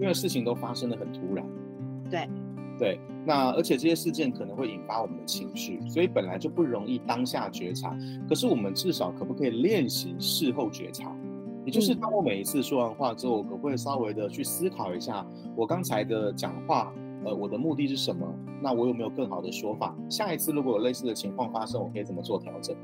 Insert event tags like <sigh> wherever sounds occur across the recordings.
因為事情都發生的很突然，對，對，那而且這些事件可能會引發我們的情緒，所以本來就不容易當下覺察。可是我們至少可不可以練習事後覺察？嗯、也就是當我每一次說完話之後，我可不可以稍微的去思考一下我剛才的講話，呃，我的目的是什麼？那我有沒有更好的說法？下一次如果有類似的情況發生，我可以怎麼做調整？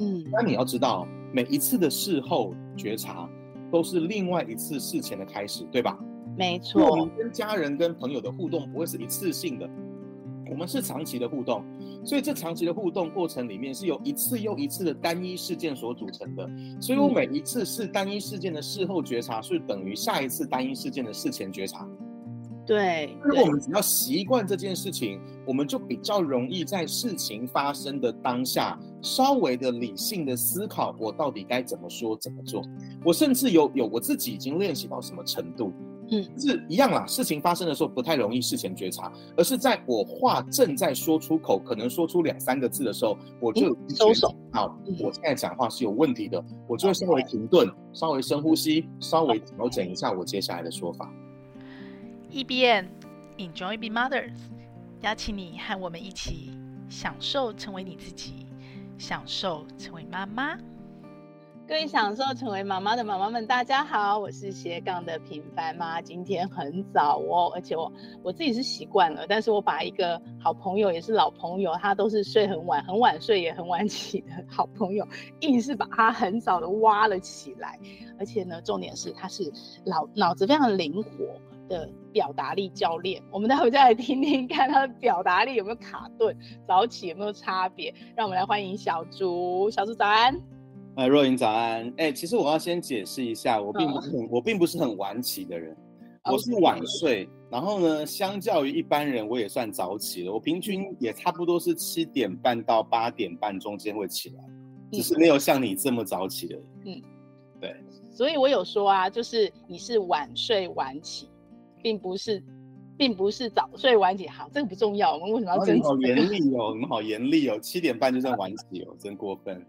嗯，那你要知道，每一次的事後覺察都是另外一次事前的開始，對吧？沒錯，我們跟家人、跟朋友的互動不會是一次性的，我們是長期的互動，所以這長期的互動過程裡面是由一次又一次的單一事件所組成的。所以我每一次是單一事件的事後覺察，嗯、是等於下一次單一事件的事前覺察。對，如果我們只要習慣這件事情，我們就比較容易在事情發生的當下稍微的理性的思考，我到底該怎麼說、怎麼做？我甚至有有我自己已經練習到什麼程度？嗯，是一樣啦。事情發生的時候不太容易事前覺察，而是在我話正在說出口，可能說出兩三個字的時候，我就收手。好，我現在講話是有問題的，我就會稍微停頓，稍微深呼吸，稍微調整一下我接下來的說法。EBM Enjoy Being Mothers，邀請你和我們一起享受成為你自己，享受成為媽媽。各位享受成為媽媽的媽媽們，大家好，我是斜槓的平凡媽。今天很早哦，而且我我自己是習慣了，但是我把一個好朋友，也是老朋友，他都是睡很晚、很晚睡，也很晚起的好朋友，硬是把他很早的挖了起來。而且呢，重點是他是腦腦子非常靈活的表達力教練。我們待會再來聽聽看他的表達力有沒有卡頓，早起有沒有差別。讓我們來歡迎小竺，小竺早安。哎，若影早安！哎、欸，其實我要先解釋一下，我並不是很，oh, okay. 我並不是很晚起的人，okay. 我是晚睡，然後呢，相較於一般人，我也算早起了，我平均也差不多是七點半到八點半中間會起來，嗯，只是沒有像你這麼早起的人。嗯，對，所以我有說啊，就是你是晚睡晚起，並不是。並不是早睡晚起好，這個不重要。我們為什麼要爭執？好嚴厲哦，我們好嚴厲哦，七點半就算晚起哦， <laughs> 真過分。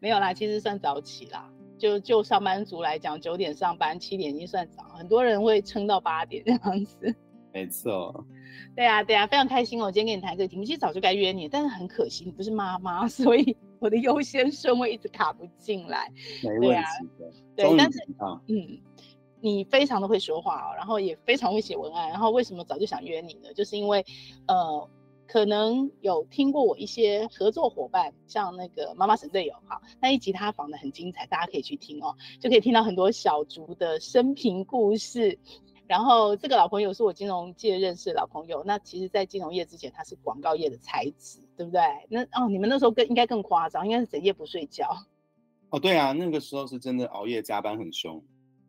沒有啦，其實算早起啦。就就上班族來講，九點上班，七點已經算早。很多人會撐到八點這樣子。沒錯。對啊，對啊，非常開心哦！我今天跟你談這個題目，其實早就該約你，但是很可惜你不是媽媽，所以我的優先順位一直卡不進來。沒問題的。對啊。終於啊。對，但是嗯。你非常的會說話哦，然後也非常會寫文案，然後為什麼早就想約你呢？就是因為，呃，可能有聽過我一些合作夥伴，像那個媽媽神隊友，好那一集他訪得很精彩，大家可以去聽哦，就可以聽到很多小竺的生平故事。然後這個老朋友是我金融界認識的老朋友，那其實，在金融業之前他是廣告業的才子，對不對？那哦，你們那時候更應該更誇張，應該是整夜不睡覺。哦，對啊，那個時候是真的熬夜加班很凶。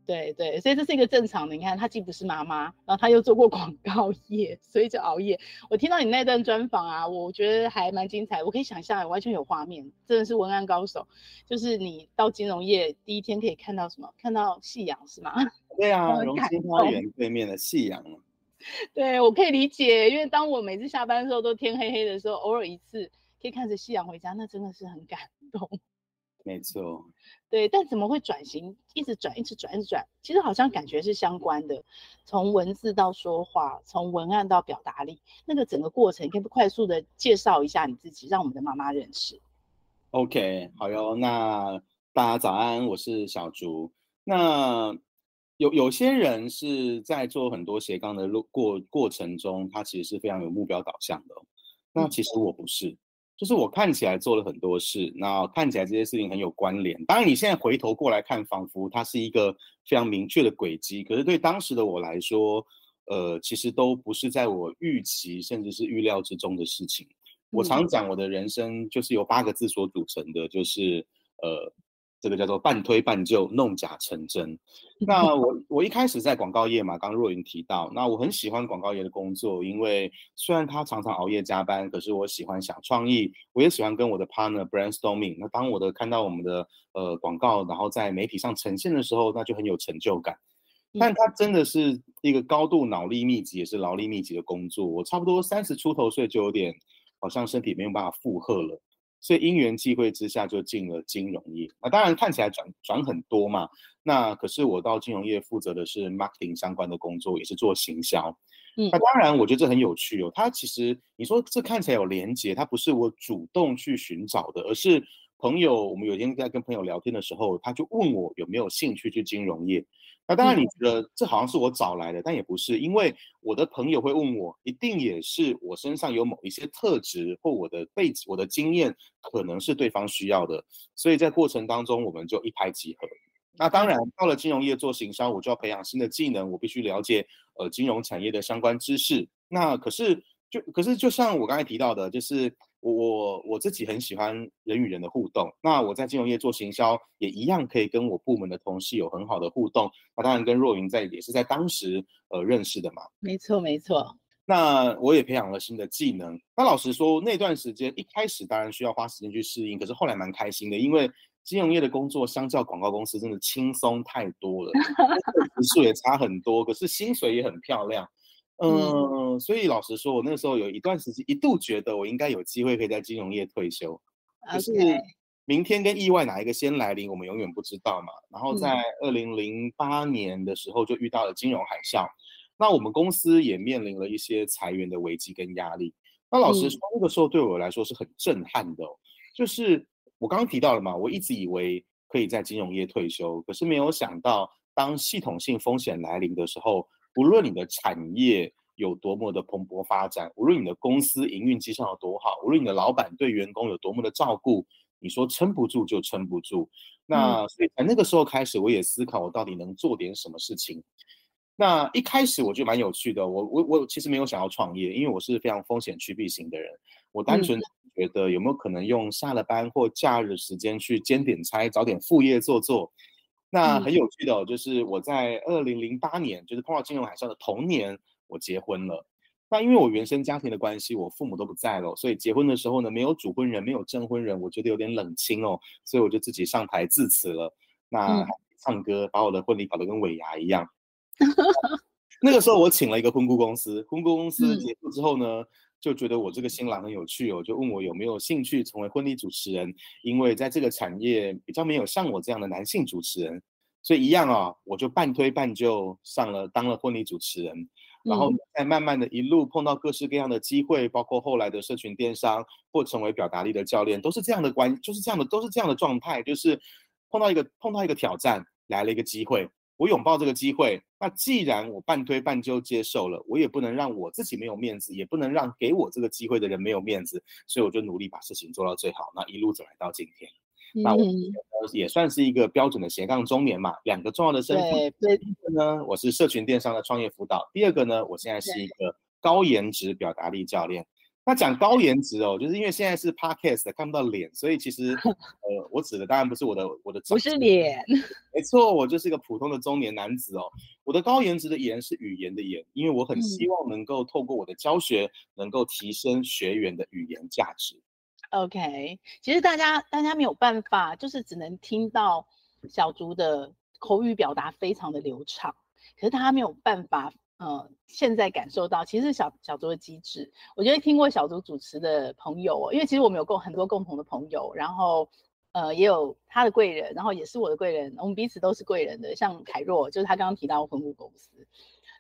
對對，所以這是一個正常的。你看，他既不是媽媽，然後他又做過廣告業，所以就熬夜。我聽到你那段專訪啊，我覺得還蠻精彩。我可以想象，完全有畫面，真的是文案高手。就是你到金融業第一天，可以看到什麼？看到夕陽是嗎？對啊，榮金花園對面的夕陽嘛。對，我可以理解，因為當我每次下班的時候都天黑黑的時候，偶爾一次可以看着夕陽回家，那真的是很感動。沒錯，對，但怎麼會轉型？一直轉，一直轉，一直轉，其實好像感覺是相關的。從文字到說話，從文案到表達力，那個整個過程，你可以快速的介紹一下你自己，讓我們的媽媽認識。OK，好喲。那大家早安，我是小竺。那有有些人是在做很多斜槓的路過過程中，他其實是非常有目標導向的。那其實我不是。嗯就是我看起來做了很多事，那看起來這些事情很有關聯。當然，你現在回頭過來看，仿佛它是一個非常明確的軌跡。可是對當時的我來說，呃，其實都不是在我預期甚至是預料之中的事情。我常講，我的人生就是由八個字所組成的，就是呃。這個叫做半推半就，弄假成真。那我我一開始在廣告業嘛，剛剛若云提到，那我很喜歡廣告業的工作，因為雖然他常常熬夜加班，可是我喜歡想創意，我也喜歡跟我的 partner brainstorming。那當我的看到我們的呃廣告，然後在媒體上呈現的時候，那就很有成就感。但他真的是一個高度腦力密集，也是勞力密集的工作。我差不多三十出頭歲就有點好像身體沒有辦法負荷了。所以因緣際會之下就進了金融業，那當然看起來轉轉很多嘛。那可是我到金融業負責的是 marketing 相關的工作，也是做行銷。那當然我覺得這很有趣哦。它其實你說這看起來有連結，它不是我主動去尋找的，而是朋友。我們有天在跟朋友聊天的時候，他就問我有沒有興趣去金融業。那當然，你覺得這好像是我找來的，嗯，但也不是，因為我的朋友會問我，一定也是我身上有某一些特質，或我的背景、我的經驗可能是對方需要的，所以在過程當中我們就一拍即合。那當然，到了金融業做行銷，我就要培養新的技能，我必須了解呃金融產業的相關知識。那可是。就可是就像我剛才提到的，就是我我自己很喜歡人與人的互動。那我在金融業做行銷，也一樣可以跟我部門的同事有很好的互動。那、啊、當然跟若雲在也是在當時呃認識的嘛。沒錯沒錯。那我也培養了新的技能。那老實說，那段時間一開始當然需要花時間去適應，可是後來蠻開心的，因為金融業的工作相較廣告公司真的輕鬆太多了，時 <laughs> 數也差很多，可是薪水也很漂亮。嗯，嗯，所以老實說，我那時候有一段時間，一度覺得我應該有機會可以在金融業退休，可是明天跟意外哪一個先來臨，我們永遠不知道嘛。然後在二零零八年的時候就遇到了金融海嘯，那我們公司也面臨了一些裁員的危機跟壓力。那老實說，那個時候對我來說是很震撼的哦，就是我剛剛提到了嘛，我一直以為可以在金融業退休，可是沒有想到當系統性風險來臨的時候。無論你的產業有多麼的蓬勃發展，無論你的公司營運績效有多好，嗯，無論你的老闆對員工有多麼的照顧，你說撐不住就撐不住。那所以從那個時候開始，我也思考我到底能做點什麼事情。那一開始我就蠻有趣的，我我我其實沒有想要創業，因為我是非常風險規避型的人，我單純覺得有沒有可能用下了班或假日時間去兼點差，找點副業做做。那很有趣的哦，嗯，就是我在二零零八年，就是泡泡金融海嘯的同年，我結婚了。那因為我原生家庭的關係，我父母都不在了，所以結婚的時候呢，沒有主婚人，沒有證婚人，我覺得有點冷清哦，所以我就自己上台致辭了。那還唱歌，把我的婚禮搞得跟尾牙一樣。嗯、那個時候我請了一個婚顧公司，婚顧公司結束之後呢，嗯就覺得我這個新郎很有趣哦，就問我有沒有興趣成為婚禮主持人，因為在這個產業比較沒有像我這樣的男性主持人，所以一樣啊、哦，我就半推半就上了，當了婚禮主持人，然後再慢慢的一路碰到各式各樣的機會，嗯、包括後來的社群電商或成為表達力的教練，都是這樣的關，就是這樣的，都是這樣的狀態，就是碰到一個碰到一個挑戰，來了一個機會。我擁抱這個機會，那既然我半推半就接受了，我也不能讓我自己沒有面子，也不能讓給我這個機會的人沒有面子，所以我就努力把事情做到最好。那一路走來到今天，嗯、那我、嗯、也算是一個標準的斜槓中年嘛。兩個重要的身份，第一個呢，我是社群電商的創業輔導；第二個呢，我現在是一個高言值表達力教練。那講高顏值哦，就是因為現在是 podcast 看不到臉，所以其實，呃，我指的當然不是我的 <laughs> 我的，不是臉，沒錯，我就是一個普通的中年男子哦。我的高顏值的顏是語言的言，因為我很希望能夠透過我的教學，能夠提升學員的語言價值。嗯、OK，其實大家大家沒有辦法，就是只能聽到小竺的口語表達非常的流暢，可是他沒有辦法。嗯、呃，現在感受到其實是小小竺的機智，我覺得聽過小竺主持的朋友，哦，因為其實我們有共很多共同的朋友，然後呃，也有他的貴人，然後也是我的貴人，我們彼此都是貴人的。像凱若，就是他剛剛提到的婚顧公司，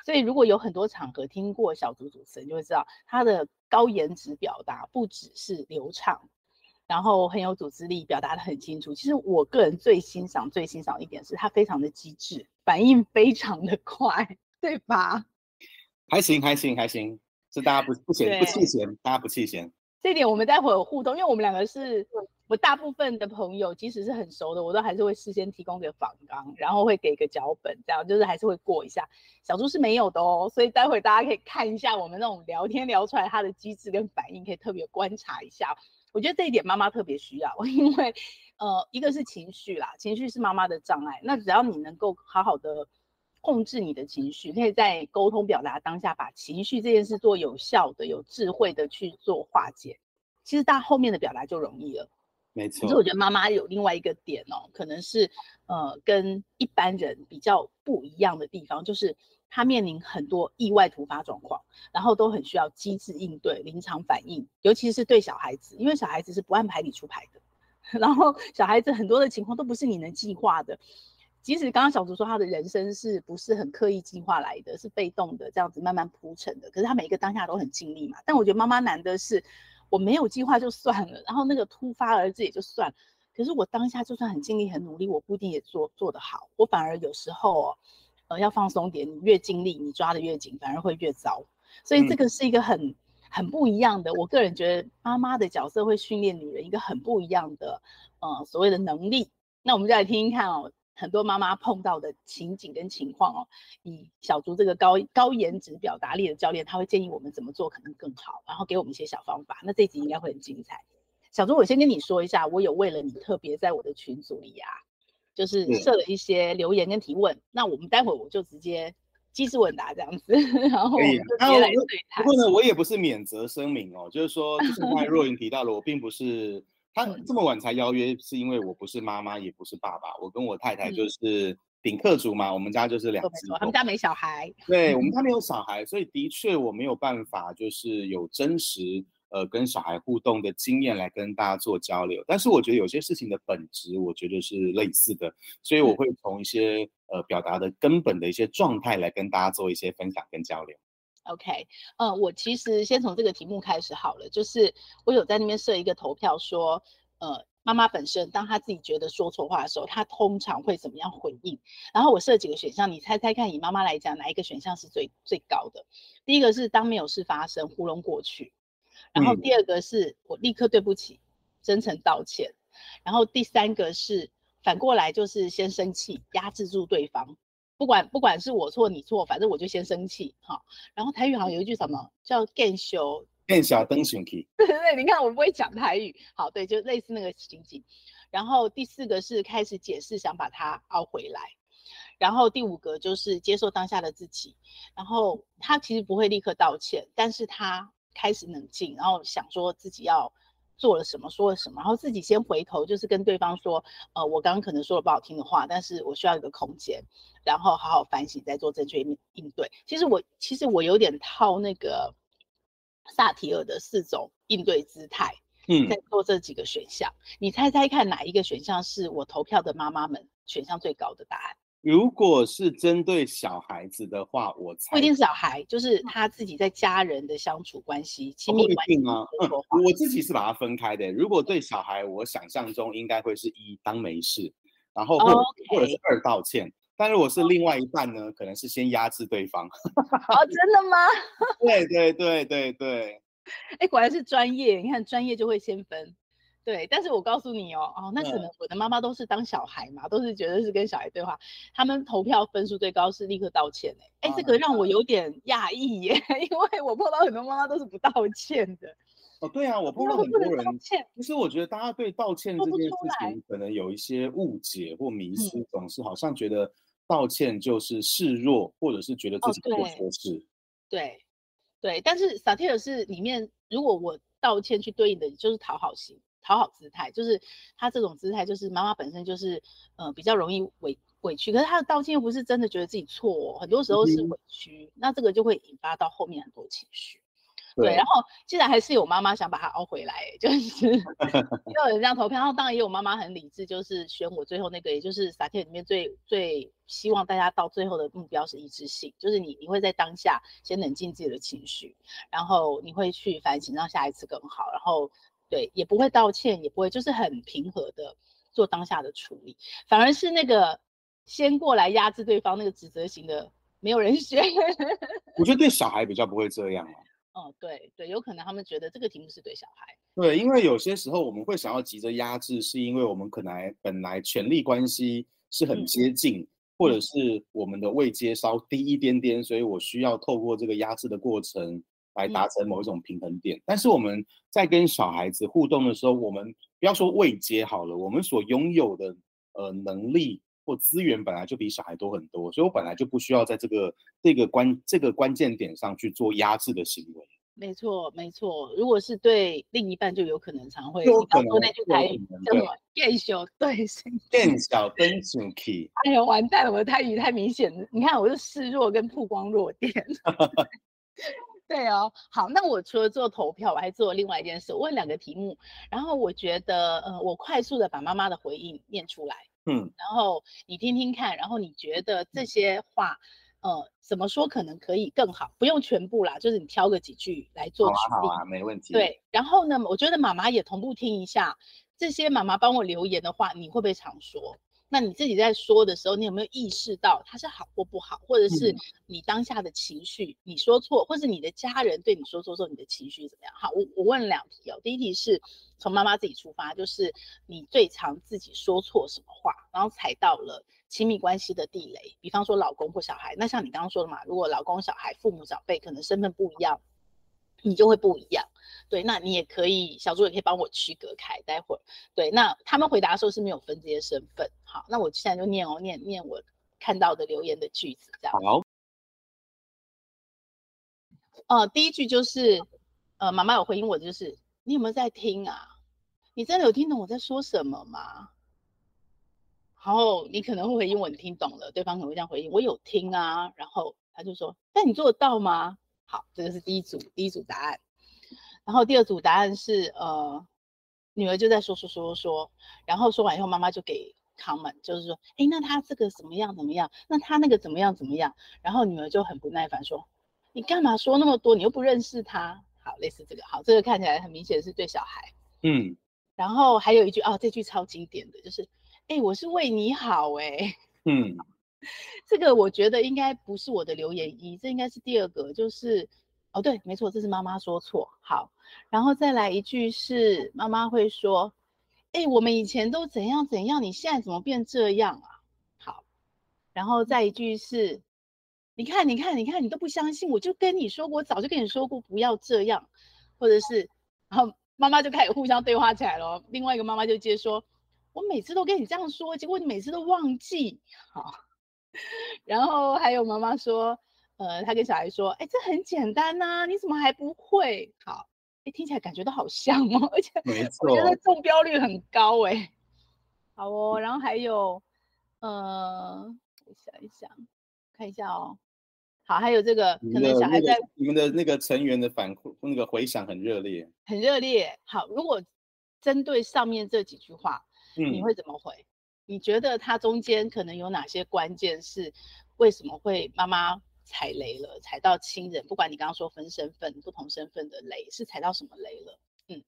所以如果有很多場合聽過小竺主持，你就會知道他的高言值表達不只是流暢，然後很有組織力，表達得很清楚。其實我個人最欣賞最欣賞一點是他非常的機智，反應非常的快。對吧？還行，還行，還行，是大家不不嫌不棄嫌，大家不棄嫌。這一點我們待會有互動，因為我們兩個是我大部分的朋友，即使是很熟的，我都還是會事先提供給訪綱，然後會給個腳本，這樣就是還是會過一下。小竺是沒有的哦，所以待會大家可以看一下我們那種聊天聊出來他的機智跟反應，可以特別觀察一下。我覺得這一點媽媽特別需要，因為呃，一個是情緒啦，情緒是媽媽的障礙。那只要你能夠好好的。控制你的情緒，可以在溝通表達當下，把情緒這件事做有效的、有智慧的去做化解。其實到後面的表達就容易了。沒錯。其實我覺得媽媽有另外一個點哦，可能是呃跟一般人比較不一樣的地方，就是她面臨很多意外突發狀況，然後都很需要機智應對、臨場反應，尤其是對小孩子，因為小孩子是不按牌理出牌的，然後小孩子很多的情況都不是你能計劃的。其實剛剛小竺說，他的人生是不是很刻意計劃來的，是被動的這樣子慢慢鋪成的。可是他每一個當下都很盡力嘛。但我覺得媽媽難的是，我沒有計劃就算了，然後那個突發而至也就算了。可是我當下就算很盡力很努力，我不一定也做做得好。我反而有時候哦，呃，要放鬆點，你越盡力你抓得越緊，反而會越糟。所以這個是一個很很不一樣的。我個人覺得媽媽的角色會訓練女人一個很不一樣的，呃，所謂的能力。那我們就來聽聽看哦。很多媽媽碰到的情景跟情況哦，以小竺這個高高言值表達力的教練，他會建議我們怎麼做可能更好，然後給我們一些小方法。那這一集應該會很精彩。小竺，我先跟你說一下，我有為了你特別在我的群組裡啊，就是設了一些留言跟提問、嗯。那我們待會我就直接機智問答這樣子，然後直、啊、不過呢，我也不是免責聲明哦，就是說，就是剛若云提到了， <laughs> 我並不是。他這麼晚才邀約、嗯，是因為我不是媽媽、嗯，也不是爸爸，我跟我太太就是頂客族嘛、嗯。我們家就是兩隻狗，他們家沒小孩，對、嗯、我們家沒有小孩，所以的確我沒有辦法，就是有真實呃跟小孩互動的經驗來跟大家做交流。嗯、但是我覺得有些事情的本質，我覺得是類似的，所以我會從一些、嗯、呃表達的根本的一些狀態來跟大家做一些分享跟交流。OK，呃，我其實先從這個題目開始好了，就是我有在那邊設一個投票，說，呃，媽媽本身當她自己覺得說錯話的時候，她通常會怎麼樣回應？然後我設幾個選項，你猜猜看，以媽媽來講，哪一個選項是最最高的？第一個是當沒有事發生，糊弄過去；然後第二個是、嗯、我立刻對不起，真誠道歉；然後第三個是反過來就是先生氣，壓制住對方。不管不管是我錯你錯，反正我就先生氣哈、哦。然後台語好像有一句什麼叫“變小變小等生氣”，對對對，你看我不會講台語，好對，就類似那個情景。然後第四個是開始解釋，想把他拗回來。然後第五個就是接受當下的自己。然後他其實不會立刻道歉，但是他開始冷靜，然後想說自己要。做了什麼，說了什麼，然後自己先回頭，就是跟對方說，呃，我剛剛可能說了不好聽的話，但是我需要一個空間，然後好好反省，再做正確應應對。其實我，其實我有點套那個薩提爾的四種應對姿態，嗯，在做這幾個選項。嗯，你猜猜看哪一個選項是我投票的媽媽們選項最高的答案？如果是針對小孩子的話，我猜不一定是小孩，就是他自己在家人的相處關係、嗯、親密關係、哦啊嗯嗯。我自己是把它分開的。如果對小孩，我想象中應該會是一當沒事，然後或者、哦、okay, 或者是二道歉。嗯、但如果是另外一半呢、哦，可能是先壓制對方。哦， <laughs> 哦真的嗎？對對對對對。哎，果然是專業。你看，專業就會先分。對，但是我告訴你哦，哦，那可能我的媽媽都是當小孩嘛，嗯、都是覺得是跟小孩對話。他們投票分數最高是立刻道歉，哎、啊，哎，這個讓我有點訝異耶、啊，因為我碰到很多媽媽都是不道歉的。哦，對啊，我碰到很多人。道歉。其實我覺得大家對道歉這件事情可能有一些誤解或迷思、嗯，總是好像覺得道歉就是示弱，或者是覺得自己做錯事。對，對，但是薩提爾是裡面，如果我道歉去對應的，就是討好型。討好姿態就是她這種姿態，就是媽媽本身就是，嗯、呃、比較容易委委屈，可是她的道歉又不是真的覺得自己錯，哦，很多時候是委屈，嗯，那這個就會引發到後面很多情緒。對，然後既然還是有媽媽想把她凹回來，欸，就是又 <laughs> 有人這樣投票，然後當然也有媽媽很理智，就是選我最後那個，也就是薩提爾裡面最最希望大家到最後的目標是一致性，就是你你會在當下先冷靜自己的情緒，然後你會去反省，讓下一次更好，然後。對，也不會道歉，也不會，就是很平和的做當下的處理，反而是那個先過來壓制對方那個指責型的，沒有人選。我覺得對小孩比較不會這樣哦、啊嗯，對對，有可能他們覺得這個題目是對小孩。對，因為有些時候我們會想要急着壓制，是因為我們可能本來權力關係是很接近，嗯、或者是我們的位階稍低一點點、嗯，所以我需要透過這個壓制的過程。來達成某一種平衡點、嗯，但是我們在跟小孩子互動的時候，嗯、我們不要說未接好了，我們所擁有的呃能力或資源本來就比小孩多很多，所以我本來就不需要在這個這個關這個關鍵點上去做壓制的行為。沒錯，沒錯。如果是對另一半，就有可能常會有可能台語，什麼變小對，變小跟主小 e y 哎呀，完蛋了，我的台語太明顯了， <laughs> 你看我就示弱跟曝光弱點。 <laughs> 對哦，好，那我除了做投票，我還做另外一件事，我問兩個題目，然後我覺得，呃，我快速的把媽媽的回應念出來，嗯，然後你聽聽看，然後你覺得這些話，嗯、呃，怎麼說可能可以更好？不用全部啦，就是你挑個幾句來做舉例。啊，好啊，沒問題。對，然後呢，我覺得媽媽也同步聽一下這些媽媽幫我留言的話，你會不會常說？那你自己在說的時候，你有沒有意識到它是好或不好，或者是你當下的情緒？你說錯、嗯，或是你的家人對你說錯之後，你的情緒怎麼樣？好，我我問兩題哦。第一題是從媽媽自己出發，就是你最常自己說錯什麼話，然後踩到了親密關係的地雷，比方說老公或小孩。那像你剛剛說的嘛，如果老公、小孩、父母長輩可能身份不一樣，你就會不一樣。對，那你也可以，小竺也可以幫我區隔開。待會兒，對，那他們回答的時候是沒有分這些身份，好，那我現在就念哦，念念我看到的留言的句子，這樣。好哦。第一句就是，呃，媽媽有回應我，就是你有沒有在聽啊？你真的有聽懂我在說什麼嗎？然後你可能會回應我，你聽懂了。對方可能會這樣回應，我有聽啊。然後他就說，但你做得到嗎？好，這個是第一組，第一組答案。然後第二組答案是，呃，女兒就在說說說說，然後說完以後，媽媽就給 comment，就是說，哎，那他這個怎麼樣怎麼樣？那他那個怎麼樣怎麼樣？然後女兒就很不耐煩說，你幹嘛說那麼多？你又不認識他。好，類似這個，好，這個看起來很明顯是對小孩。嗯。然後還有一句，哦，這句超經典的就是，哎，我是為你好、欸，哎，嗯，這個我覺得應該不是我的留言一，這應該是第二個，就是。哦，對，沒錯，這是媽媽說錯。好，然後再來一句是媽媽會說：“哎，我們以前都怎樣怎樣，你現在怎麼變這樣啊？”好，然後再一句是：“你看，你看，你看，你都不相信，我就跟你說過，我早就跟你說過不要這樣。”或者是，然後媽媽就開始互相對話起來了。另外一個媽媽就接說：“我每次都跟你這樣說，結果你每次都忘記。”好，然後還有媽媽說。呃，他跟小孩說：“哎，這很簡單吶、啊，你怎麼還不會？”好，哎，聽起來感覺都好像哦，而且我覺得中標率很高哎。好哦，然後還有，呃，我想一想，看一下哦。好，還有這個，可能小孩在你們的那個成員的反饋那個回響很熱烈，很熱烈。好，如果針對上面這幾句話，你會怎麼回？嗯、你覺得他中間可能有哪些關鍵是，為什麼會媽媽？踩雷了，踩到親人。不管你剛剛說分身份、不同身份的雷，是踩到什麼雷了？嗯，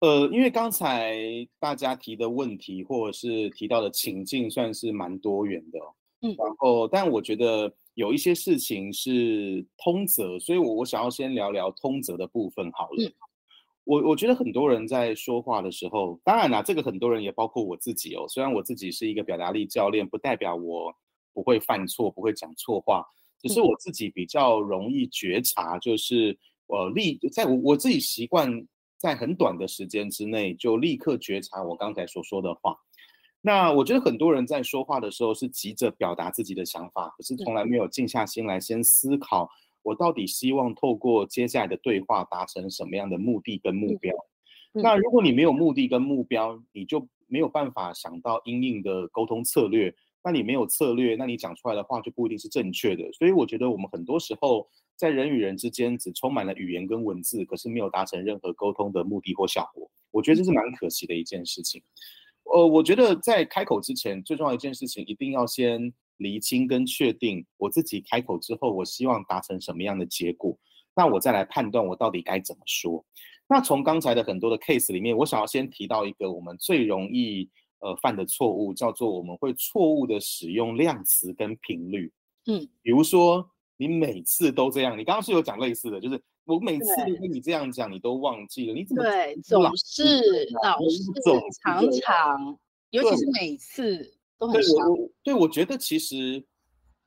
呃，因為剛才大家提的問題或者是提到的情境，算是蠻多元的。嗯，然後，但我覺得有一些事情是通則，所以我我想要先聊聊通則的部分好了。嗯，我我覺得很多人在說話的時候，當然啦，啊，這個很多人也包括我自己哦。雖然我自己是一個表達力教練，不代表我不會犯錯，不會講錯話。只是我自己比較容易覺察，就是呃立在我我自己習慣在很短的時間之內就立刻覺察我剛才所說的話。那我覺得很多人在說話的時候是急着表達自己的想法，可是從來沒有靜下心來先思考我到底希望透過接下來的對話達成什麼樣的目的跟目標。嗯嗯。那如果你沒有目的跟目標，你就沒有辦法想到因應的溝通策略。那你沒有策略，那你講出來的話就不一定是正確的。所以我覺得我們很多時候在人與人之間只充滿了語言跟文字，可是沒有達成任何溝通的目的或效果。我覺得這是蠻可惜的一件事情。呃，我覺得在開口之前，最重要的一件事情一定要先釐清跟確定我自己開口之後，我希望達成什麼樣的結果，那我再來判斷我到底該怎麼說。那從剛才的很多的 case 裡面，我想要先提到一個我們最容易。呃，犯的錯誤叫做我們會錯誤的使用量詞跟頻率，嗯，比如說你每次都這樣，你剛剛是有講類似的，就是我每次跟你這樣講，你都忘記了，你怎麼對總是、老是、總、常常，尤其是每次都很少。對，我，對，我覺得其實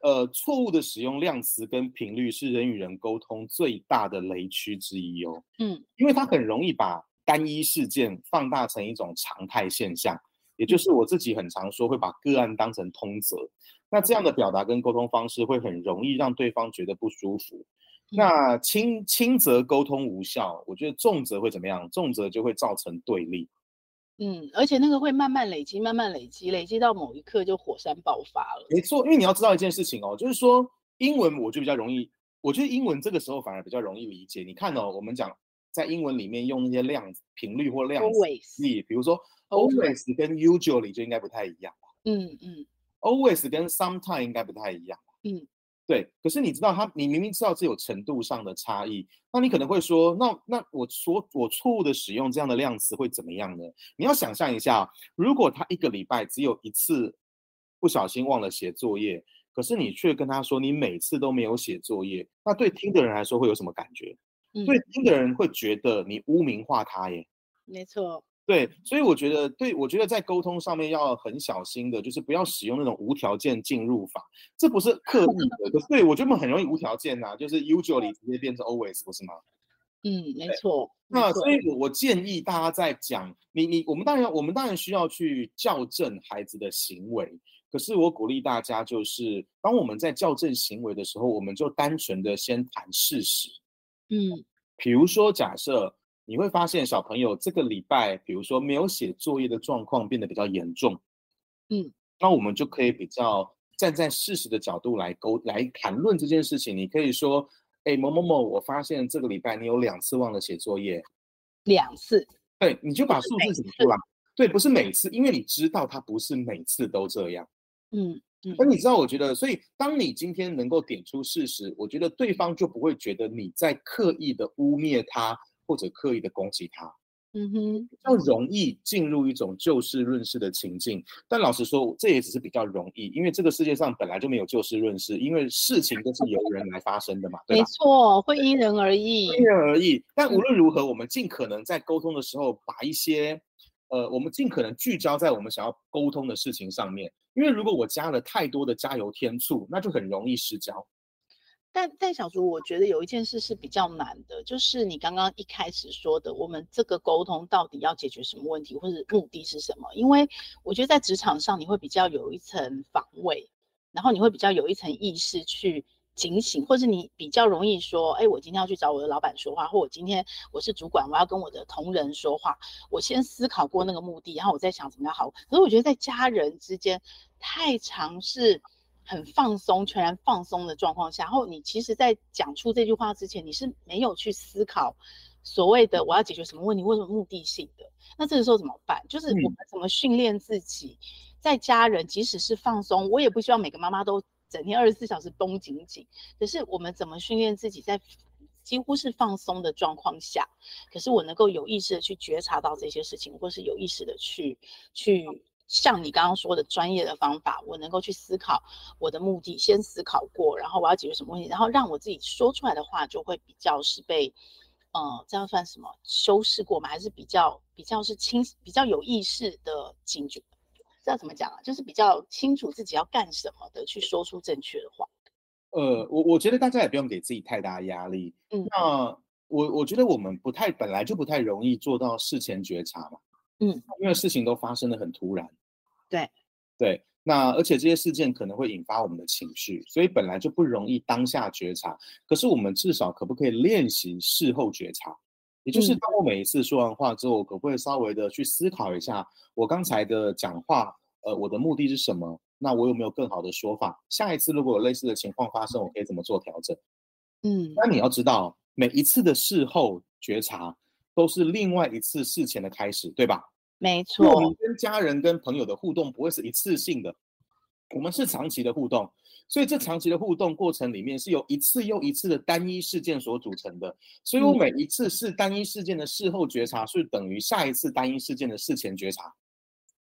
呃，錯誤的使用量詞跟頻率是人與人溝通最大的雷區之一哦，嗯，因為它很容易把單一事件放大成一種常態現象。也就是我自己很常說，會把個案當成通則。嗯，那這樣的表達跟溝通方式會很容易讓對方覺得不舒服。嗯，那輕輕則溝通無效，我覺得重則會怎麼樣？重則就會造成對立。嗯，而且那個會慢慢累積，慢慢累積，累積到某一刻就火山爆發了。沒錯，因為你要知道一件事情哦，就是說英文我就比較容易，我覺得英文這個時候反而比較容易理解。你看哦，我們講在英文裡面用那些量頻率或量詞，比如說。Always. Always 跟 usually 就應該不太一樣吧，嗯嗯。Always 跟 sometime 應該不太一樣。嗯。對。可是你知道他，你明明知道這有程度上的差異，那你可能會說，那那我說我錯誤的使用這樣的量詞會怎麼樣呢？你要想象一下，哦，如果他一個禮拜只有一次不小心忘了寫作業，可是你卻跟他說你每次都沒有寫作業，那對聽的人來說會有什麼感覺？嗯，對聽的人會覺得你污名化他耶。嗯嗯，沒錯。對，所以我覺得，對我覺得在溝通上面要很小心的，就是不要使用那種無條件進入法，這不是刻意的。對，嗯，我覺得很容易無條件啊，就是 usually 直接變成 always，不是嗎？嗯，沒錯。沒錯。那所以，我我建議大家在講你你，我們當然我們當然需要去校正孩子的行為，可是我鼓勵大家就是，當我們在校正行為的時候，我們就單純的先談事實。嗯，比如說假設。你會發現小朋友這個禮拜，比如說沒有寫作業的狀況變得比較嚴重，嗯，那我們就可以比較站在事實的角度來溝來談論這件事情。你可以說，哎，某某某，我發現這個禮拜你有兩次忘了寫作業，兩次，對，你就把數字寫出來，對，不是每次，因為你知道他不是每次都這樣，嗯嗯，那你知道，我覺得，所以當你今天能夠點出事實，我覺得對方就不會覺得你在刻意的污蔑他。或者刻意的攻擊他，嗯哼，比較容易進入一種就事論事的情境。但老實說，這也只是比較容易，因為這個世界上本來就沒有就事論事，因為事情都是由人來發生的嘛，對吧？沒錯，會因人而異，因人而異。但無論如何，我們盡可能在溝通的時候，把一些，呃，我們盡可能聚焦在我們想要溝通的事情上面。因為如果我加了太多的加油添醋，那就很容易失焦。但但小竺，我覺得有一件事是比較難的，就是你剛剛一開始說的，我們這個溝通到底要解決什麼問題，或者目的是什麼？因為我覺得在職場上，你會比較有一層防衛，然後你會比較有一層意識去警醒，或者你比較容易說，哎、欸，我今天要去找我的老板說話，或我今天我是主管，我要跟我的同仁說話，我先思考過那個目的，然後我再想怎麼樣好。可是我覺得在家人之間，太常是。很放鬆，全然放鬆的狀況下，然後你其實，在講出這句話之前，你是沒有去思考所謂的我要解決什麼問題，為什麼目的性的。那這個時候怎麼辦？就是我們怎麼訓練自己，在家人即使是放鬆，我也不希望每個媽媽都整天二十四小時繃緊緊。可是我們怎麼訓練自己，在幾乎是放鬆的狀況下，可是我能夠有意識的去覺察到這些事情，或是有意識的去去。像你剛剛說的專業的方法，我能夠去思考我的目的，先思考過，然後我要解決什麼問題，然後讓我自己說出來的話就會比較是被，呃，這樣算什麼修飾過嗎？還是比較比較是清比較有意識的警覺，這要怎麼講啊？就是比較清楚自己要幹什麼的去說出正確的話。呃，我我覺得大家也不用給自己太大壓力。嗯，那我我覺得我們不太本來就不太容易做到事前覺察嘛。嗯，因為事情都發生的很突然，對，對，那而且這些事件可能會引發我們的情緒，所以本來就不容易當下覺察。可是我們至少可不可以練習事後覺察？也就是當我每一次說完話之後，嗯，我可不可以稍微的去思考一下，我剛才的講話，呃，我的目的是什麼？那我有沒有更好的說法？下一次如果有類似的情況發生，我可以怎麼做調整？嗯，那你要知道，每一次的事後覺察，都是另外一次事前的開始，對吧？沒錯，我們跟家人、跟朋友的互動不會是一次性的，我們是長期的互動。所以這長期的互動過程裡面，是由一次又一次的單一事件所組成的。所以我每一次是單一事件的事後覺察，嗯、是等於下一次單一事件的事前覺察。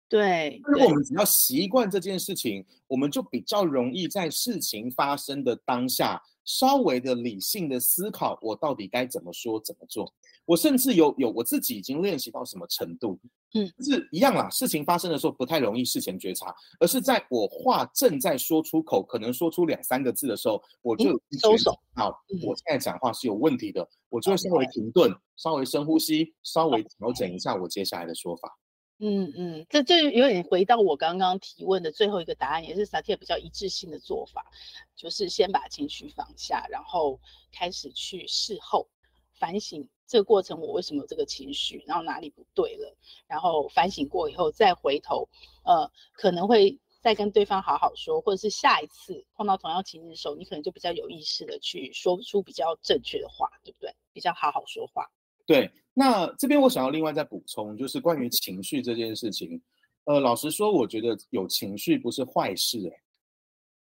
對,對，如果我們只要習慣這件事情，我們就比較容易在事情發生的當下，稍微的理性的思考，我到底該怎麼說怎麼做。我甚至有有我自己已經練習到什麼程度，嗯，就是一樣啦。事情發生的時候不太容易事前覺察，而是在我話正在說出口，可能說出兩三個字的時候，我就收手。好，我現在講話是有問題的，嗯、我就會稍微停頓，嗯、稍微深呼吸、嗯，稍微調整一下我接下來的說法。嗯嗯，這就有點回到我剛剛提問的最後一個答案，也是薩提亞比較一致性的做法，就是先把情緒放下，然後開始去事後反省這個過程，我為什麼有這個情緒，然後哪裡不對了，然後反省過以後再回頭，呃，可能會再跟對方好好說，或者是下一次碰到同樣情境的時候，你可能就比較有意識的去說出比較正確的話，對不對？比較好好說話。對，那這邊我想要另外再補充，就是關於情緒這件事情。呃，老實說，我覺得有情緒不是壞事，欸，誒，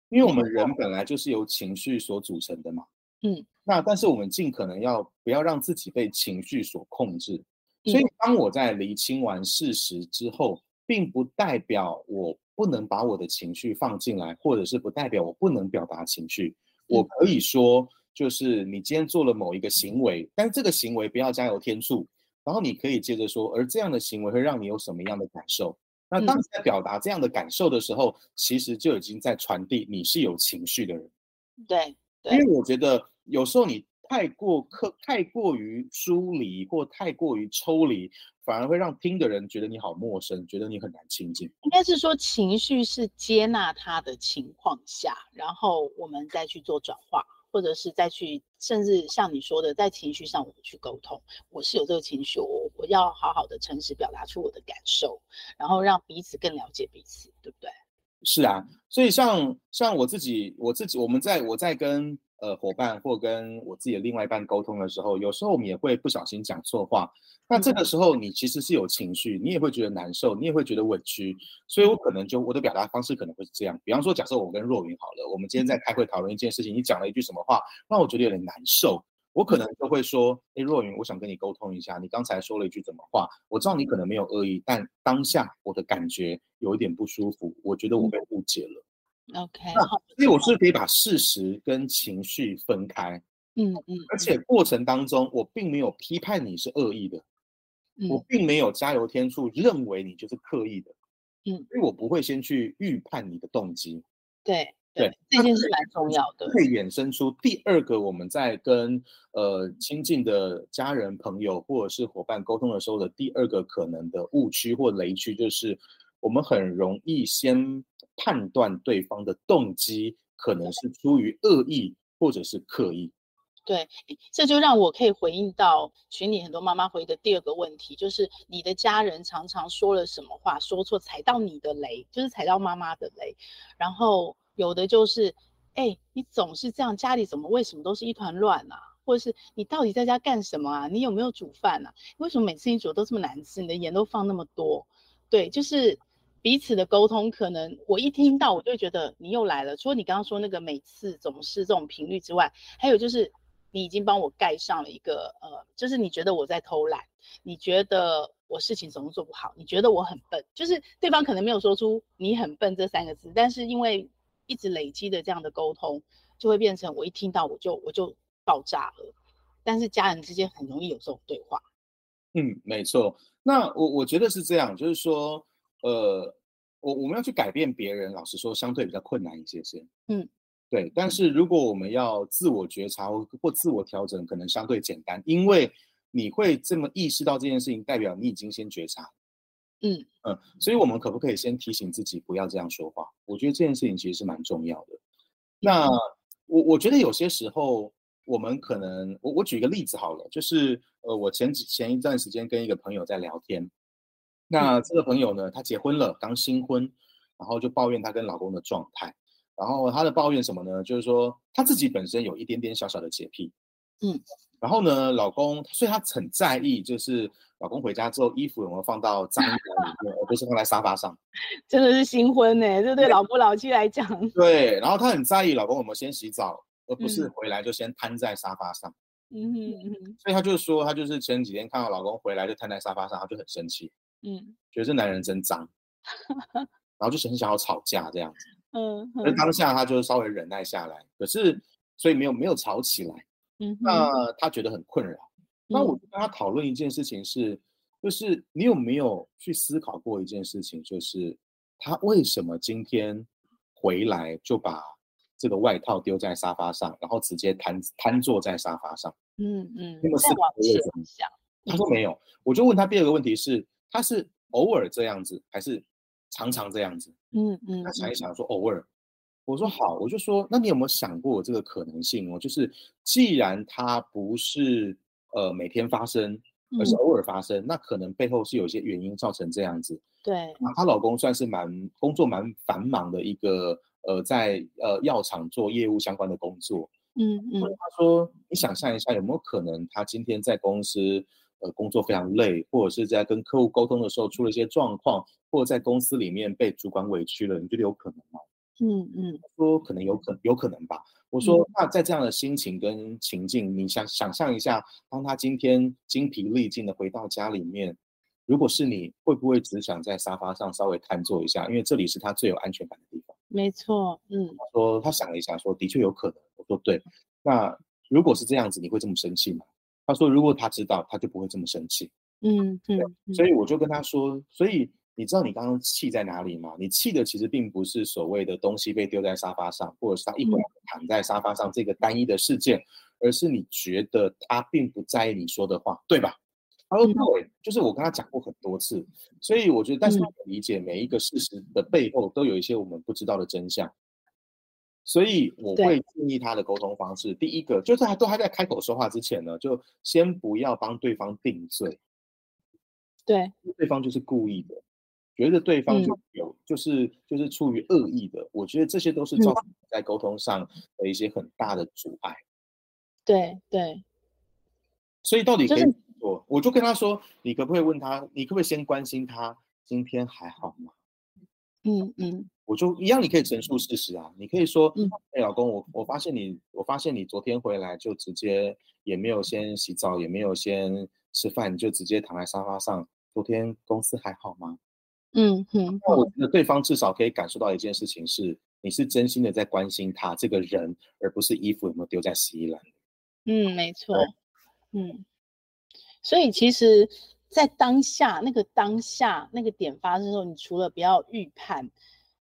因為我們人本來就是由情緒所組成的嘛。嗯。那但是我們盡可能要不要讓自己被情緒所控制。所以當我在釐清完事實之後，並不代表我不能把我的情緒放進來，或者是不代表我不能表達情緒。我可以說。就是你今天做了某一個行為，但是這個行為不要加油添醋，然後你可以接着說，而這樣的行為會讓你有什麼樣的感受？那當你在表達這樣的感受的時候，嗯，其實就已經在傳遞你是有情緒的人。對，對。因為我覺得有時候你太過客、太過於疏離或太過於抽離，反而會讓聽的人覺得你好陌生，覺得你很難親近。應該是說，情緒是接納他的情況下，然後我們再去做轉化。或者是再去，甚至像你說的，在情緒上我們去溝通，我是有這個情緒，我我要好好的誠實表達出我的感受，然後讓彼此更了解彼此，對不對？是啊，所以像像我自己，我自己，我們在我在跟。呃，伙伴或跟我自己的另外一半溝通的時候，有時候我們也會不小心講錯話。那這個時候，你其實是有情緒，你也會覺得難受，你也會覺得委屈。所以我可能就我的表達方式可能會是這樣。比方說，假設我跟若云好了，我們今天在開會討論一件事情，你講了一句什麼話，讓我覺得有點難受。我可能就會說：“哎，若云，我想跟你溝通一下，你剛才說了一句什麼話？我知道你可能沒有惡意，但當下我的感覺有一點不舒服，我覺得我被誤解了。” OK，那所以我是可以把事實跟情緒分開，嗯嗯，而且過程當中我並沒有批判你是惡意的，嗯，我並沒有加油添醋認為你就是刻意的，嗯，所以我不會先去預判你的動機，對對，對，但是，這件事蠻重要的，會衍生出第二個我們在跟呃親近的家人、朋友或者是夥伴溝通的時候的第二個可能的誤區或雷區就是，我們很容易先判斷對方的動機，可能是出於惡意或者是刻意。對，這就讓我可以回應到群裡很多媽媽回應的第二個問題，就是你的家人常常說了什麼話，說錯踩到你的雷，就是踩到媽媽的雷。然後有的就是，哎，你總是這樣，家裡怎麼為什麼都是一團亂啊？或者是你到底在家幹什麼啊？你有沒有煮飯啊？你為什麼每次你煮的都這麼難吃？你的鹽都放那麼多？對，就是彼此的溝通，可能我一聽到，我就覺得你又來了。除了你剛剛說那個每次總是這種頻率之外，還有就是你已經幫我蓋上了一個，呃，就是你覺得我在偷懶，你覺得我事情總是做不好，你覺得我很笨。就是對方可能沒有說出“你很笨”這三個字，但是因為一直累積的這樣的溝通，就會變成我一聽到我就我就爆炸了。但是家人之間很容易有這種對話。嗯，沒錯。那我我覺得是這樣，就是說，呃，我我們要去改變別人，老實說，相對比較困難一些些。嗯，對。但是，如果我們要自我覺察或或自我調整，可能相對簡單，因為你會這麼意識到這件事情，代表你已經先覺察。嗯嗯。所以我們可不可以先提醒自己不要這樣說話？我覺得這件事情其實是蠻重要的。那我我覺得有些時候我們可能，我我舉一個例子好了，就是。呃，我前幾前一段時間跟一個朋友在聊天，那這個朋友呢，她結婚了，剛新婚，然後就抱怨她跟老公的狀態，然後她的抱怨什麼呢？就是說她自己本身有一點點小小的潔癖，嗯，然後呢，老公，所以她很在意，就是老公回家之後衣服有沒有放到髒衣服裡面， <laughs> 而不是放在沙發上。真的是新婚哎，這對老夫老妻來講。 <laughs> 對，然後她很在意老公有沒有先洗澡，而不是回來就先癱在沙發上。嗯嗯嗯嗯，所以她就是說，她就是前幾天看到老公回來就癱在沙發上，她就很生氣，嗯、mm -hmm.，覺得這男人真髒， <laughs> 然後就是很想要吵架這樣子，嗯，但當下她就是稍微忍耐下來，可是所以沒有沒有吵起來，嗯、mm -hmm. 呃，那她覺得很困擾。那、mm -hmm. 我就跟她討論一件事情是，就是你有沒有去思考過一件事情，就是他為什麼今天回來就把。這個外套丟在沙發上，然後直接癱癱坐在沙發上。嗯嗯。那麼、個、四個位置、嗯嗯，他說沒有、嗯。我就問他第二個問題是、嗯，他是偶爾這樣子，還是常常這樣子？嗯嗯。他才想，想說偶爾、嗯。我說好，我就說那你有沒有想過這個可能性哦？就是既然他不是呃每天發生，而是偶爾發生、嗯，那可能背後是有一些原因造成這樣子。對、嗯。那她老公算是蠻工作蠻繁忙的一個。呃，在呃藥廠做業務相關的工作，嗯嗯，他說，你想象一下，有沒有可能他今天在公司呃工作非常累，或者是在跟客戶溝通的時候出了一些狀況，或者在公司裡面被主管委屈了？你覺得有可能嗎？嗯嗯，他說可能有可有可能吧。我說，那在這樣的心情跟情境，嗯、你想想象一下，當他今天精疲力盡的回到家裡面，如果是你，會不會只想在沙發上稍微癱坐一下？因為這裡是他最有安全感的地方。沒錯，嗯。他說，他想了一下說，說的確有可能。我說，對。那如果是這樣子，你會這麼生氣嗎？他說，如果他知道，他就不會這麼生氣。嗯，嗯對。所以我就跟他說，所以你知道你剛剛氣在哪裡嗎？你氣的其實並不是所謂的東西被丟在沙發上，或者是他一回來躺在沙發上、嗯、這個單一的事件，而是你覺得他並不在意你說的話，對吧？h e、嗯、就是我跟他講過很多次，所以我覺得，但是我理解每一個事實的背後都有一些我們不知道的真相，所以我會建議他的溝通方式。第一個就是他都還在開口說話之前呢，就先不要幫對方定罪，對，對方就是故意的，覺得對方就有、嗯、就是就是出於惡意的，我覺得這些都是造成在溝通上的一些很大的阻礙。對對，所以到底可以、就是？我，我就跟他說：“你可不可以問他？你可不可以先關心他今天還好嗎？”嗯嗯，我就一樣，你可以陳述事實啊。你可以說：“嗯，哎，老公，我我發現你，我發現你昨天回來就直接也沒有先洗澡，也沒有先吃飯，就直接躺在沙發上。昨天公司還好嗎？”嗯哼。那我覺得對方至少可以感受到一件事情是，你是真心的在關心他這個人，而不是衣服有沒有丟在洗衣籃。嗯嗯嗯。嗯，沒錯。嗯。所以其實，在當下那個當下那個點發生的時候，你除了不要預判、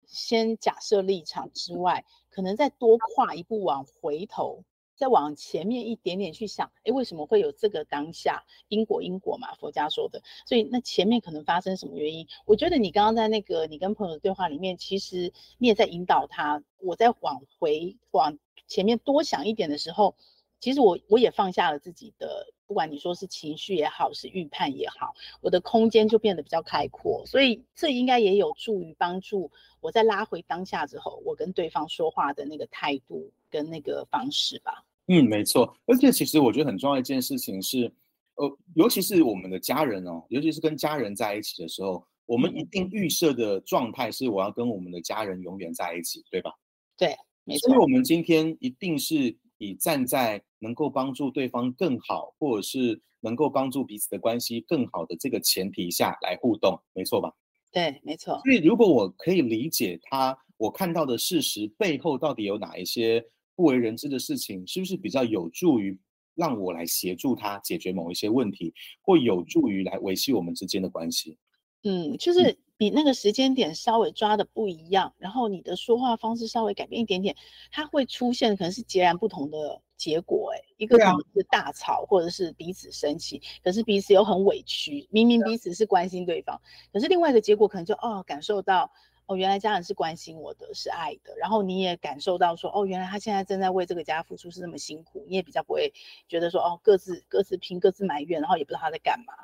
先假設立場之外，可能再多跨一步往回頭，再往前面一點點去想，哎，為什麼會有這個當下？因果因果嘛，佛家說的。所以那前面可能發生什麼原因？我覺得你剛剛在那個你跟朋友的對話裡面，其實你也在引導他。我再往回、往前面多想一點的時候，其實我我也放下了自己的。不管你說是情緒也好，是預判也好，我的空間就變得比較開闊，所以這應該也有助於幫助我在拉回當下之後，我跟對方說話的那個態度跟那個方式吧。嗯，沒錯。而且其實我覺得很重要一件事情是，呃，尤其是我們的家人哦，尤其是跟家人在一起的時候，我們一定預設的狀態是我要跟我們的家人永遠在一起，對吧？對，沒錯。所以我們今天一定是。你站在能夠幫助對方更好，或者是能夠幫助彼此的關係更好的這個前提下來互動，沒錯吧？對，沒錯。所以如果我可以理解他，我看到的事實背後到底有哪一些不為人知的事情，是不是比較有助於讓我來協助他解決某一些問題，或有助於來維繫我們之間的關係？嗯，就是比那個時間點稍微抓的不一樣、嗯，然後你的說話方式稍微改變一點點，它會出現可能是截然不同的結果、欸。哎，一個可能是大吵，或者是彼此生氣、嗯，可是彼此又很委屈。明明彼此是關心對方，嗯、可是另外一個結果可能就哦，感受到哦，原來家人是關心我的，是愛的。然後你也感受到說哦，原來他現在正在為這個家付出是那麼辛苦，你也比較不會覺得說哦，各自各自拼，各自埋怨，然後也不知道他在幹嘛。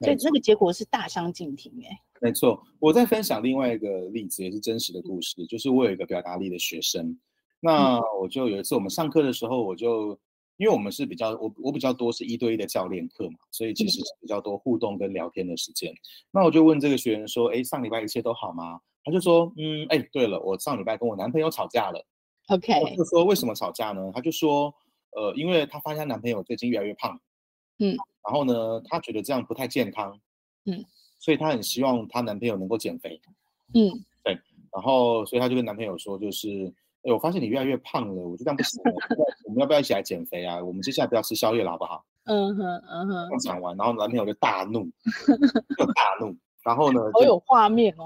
所以這個結果是大相徑庭誒、欸。沒錯，我再分享另外一個例子，也是真實的故事，就是我有一個表達力的學生，那我就有一次我們上課的時候，我就，嗯，因為我們是比較我我比較多是一對一的教練課嘛，所以其實比較多互動跟聊天的時間。嗯，那我就問這個學員說，哎，上禮拜一切都好嗎？他就說，嗯，哎，對了，我上禮拜跟我男朋友吵架了。OK，就說為什麼吵架呢？他就說，呃，因為他發現男朋友最近越來越胖。嗯，然後呢，她覺得這樣不太健康，嗯，所以她很希望她男朋友能夠減肥，嗯，對，然後所以她就跟男朋友說，就是，哎，我發現你越來越胖了，我就這樣不行， <laughs> 我們要不要一起來減肥啊？我們接下來不要吃宵夜了，好不好？嗯哼，嗯哼。講完，然後男朋友就大怒，就大怒， <laughs> 然後呢，好有畫面哦，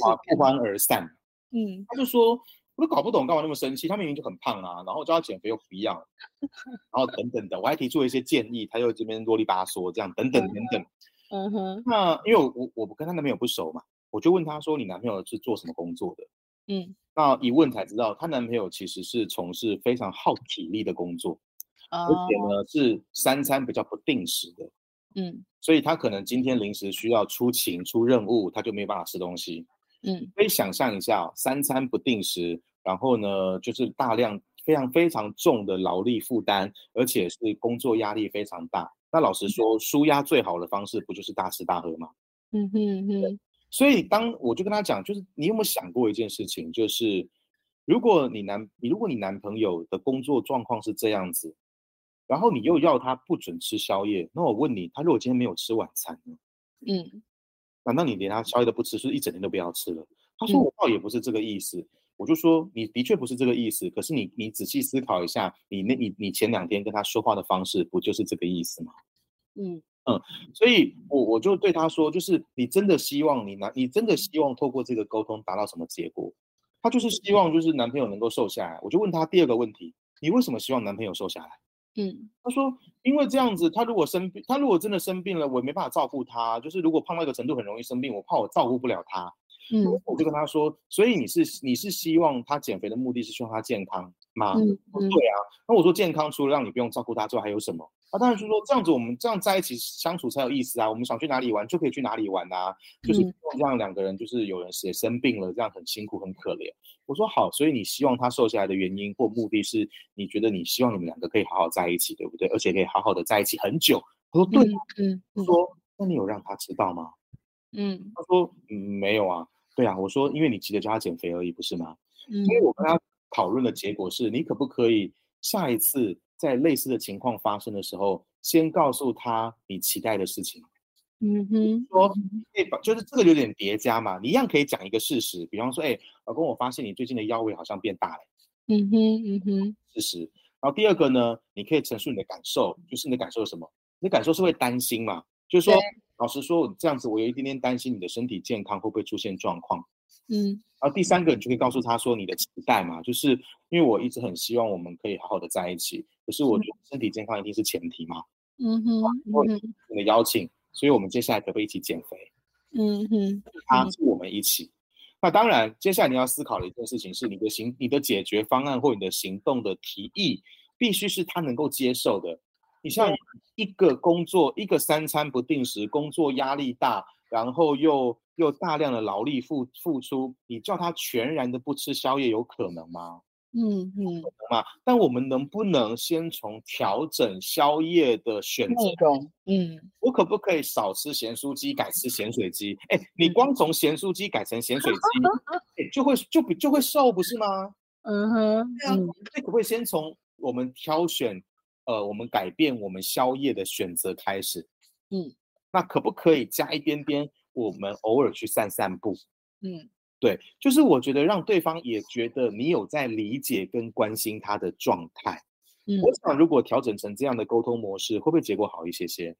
化好不歡而散。嗯，他就說。我都搞不懂幹嘛那麼生氣，她明明就很胖啊，然後就要減肥又不一樣，然後等等的，我還提出一些建議，她又這邊囉里吧嗦這樣等等等等。嗯哼，那因為我我跟她男朋友不熟嘛，我就問她說，你男朋友是做什麼工作的？嗯、uh -huh.，那一問才知道她男朋友其實是從事非常耗體力的工作，uh -huh. 而且呢是三餐比較不定時的。嗯、uh -huh.，uh -huh. 所以她可能今天臨時需要出勤出任務，她就沒有辦法吃東西。嗯，可以想象一下哦，三餐不定時，然後呢，就是大量非常非常重的勞力負擔，而且是工作壓力非常大。那老實說，舒、嗯、壓最好的方式不就是大吃大喝嗎？嗯哼哼。所以當我就跟他講，就是你有沒有想過一件事情，就是如果你男，你如果你男朋友的工作狀況是這樣子，然後你又要他不准吃宵夜，那我問你，他如果今天沒有吃晚餐呢？嗯。難道你連他宵夜都不吃，是一整天都不要吃了？他說，我倒也不是這個意思，嗯、我就說，你的確不是這個意思，可是你你仔細思考一下，你那你你前兩天跟他說話的方式不就是這個意思嗎？嗯嗯，所以我我就對他說，就是你真的希望你男你真的希望透過這個溝通達到什麼結果？他就是希望就是男朋友能夠瘦下來，我就問他第二個問題，你為什麼希望男朋友瘦下來？嗯，他說，因為這樣子，他如果生病，他如果真的生病了，我也沒辦法照顧他。就是如果胖到一個程度，很容易生病，我怕我照顧不了他。嗯，我就跟他說，所以你是你是希望他減肥的目的是希望他健康嗎？嗯，嗯對啊。那我說，健康除了讓你不用照顧他之外，還有什麼？他、啊、當然就是說這樣子，我們這樣在一起相處才有意思啊！我們想去哪裡玩就可以去哪裡玩吶、啊，就是讓兩個人就是有人誰生病了，這樣很辛苦很可憐。我說好，所以你希望他瘦下來的原因或目的是，你覺得你希望你們兩個可以好好在一起，對不對？而且可以好好的在一起很久。他說對，嗯。說那你有讓他知道嗎？嗯。他說沒有啊。對啊，我說因為你急着叫他減肥而已，不是嗎？嗯。所以我跟他討論的結果是你可不可以下一次。在類似的情況發生的時候，先告訴他你期待的事情。嗯哼，就是、說、嗯哼欸，就是這個有點疊加嘛，你一樣可以講一個事實，比方說，哎、欸，老公，我發現你最近的腰圍好像變大了。嗯哼，嗯哼，事實。然後第二個呢，你可以陳述你的感受，就是你的感受是什麼？你的感受是會擔心嘛？就是說，老實說，這樣子我有一點點擔心你的身體健康會不會出現狀況。嗯，然後第三個你就可以告訴他說你的期待嘛，就是因為我一直很希望我們可以好好的在一起，可是我覺得身體健康一定是前提嘛。嗯、啊、嗯哼，因為你的邀請，所以我們接下來可不可以一起減肥？嗯哼，他、嗯啊、我們一起。那當然，接下來你要思考的一件事情是你的行、你的解決方案或你的行動的提議，必須是他能夠接受的。你像一個工作，嗯、一個三餐不定時，工作壓力大，然後又又大量的勞力付付出，你叫他全然的不吃宵夜有，嗯嗯，有可能嗎？嗯嗯，可能嗎？但我們能不能先從調整宵夜的選擇？嗯，我可不可以少吃鹹酥雞，改吃鹹水雞？哎、嗯，你光從鹹酥雞改成鹹水雞，嗯、就會就就會瘦，不是嗎？嗯哼，那、嗯、可不可以先從我們挑選，呃，我們改變我們宵夜的選擇開始？嗯。那可不可以加一點點？我們偶爾去散散步，嗯，對，就是我覺得讓對方也覺得你有在理解跟關心他的狀態。嗯，我想如果調整成這樣的溝通模式，嗯，會不會結果好一些些？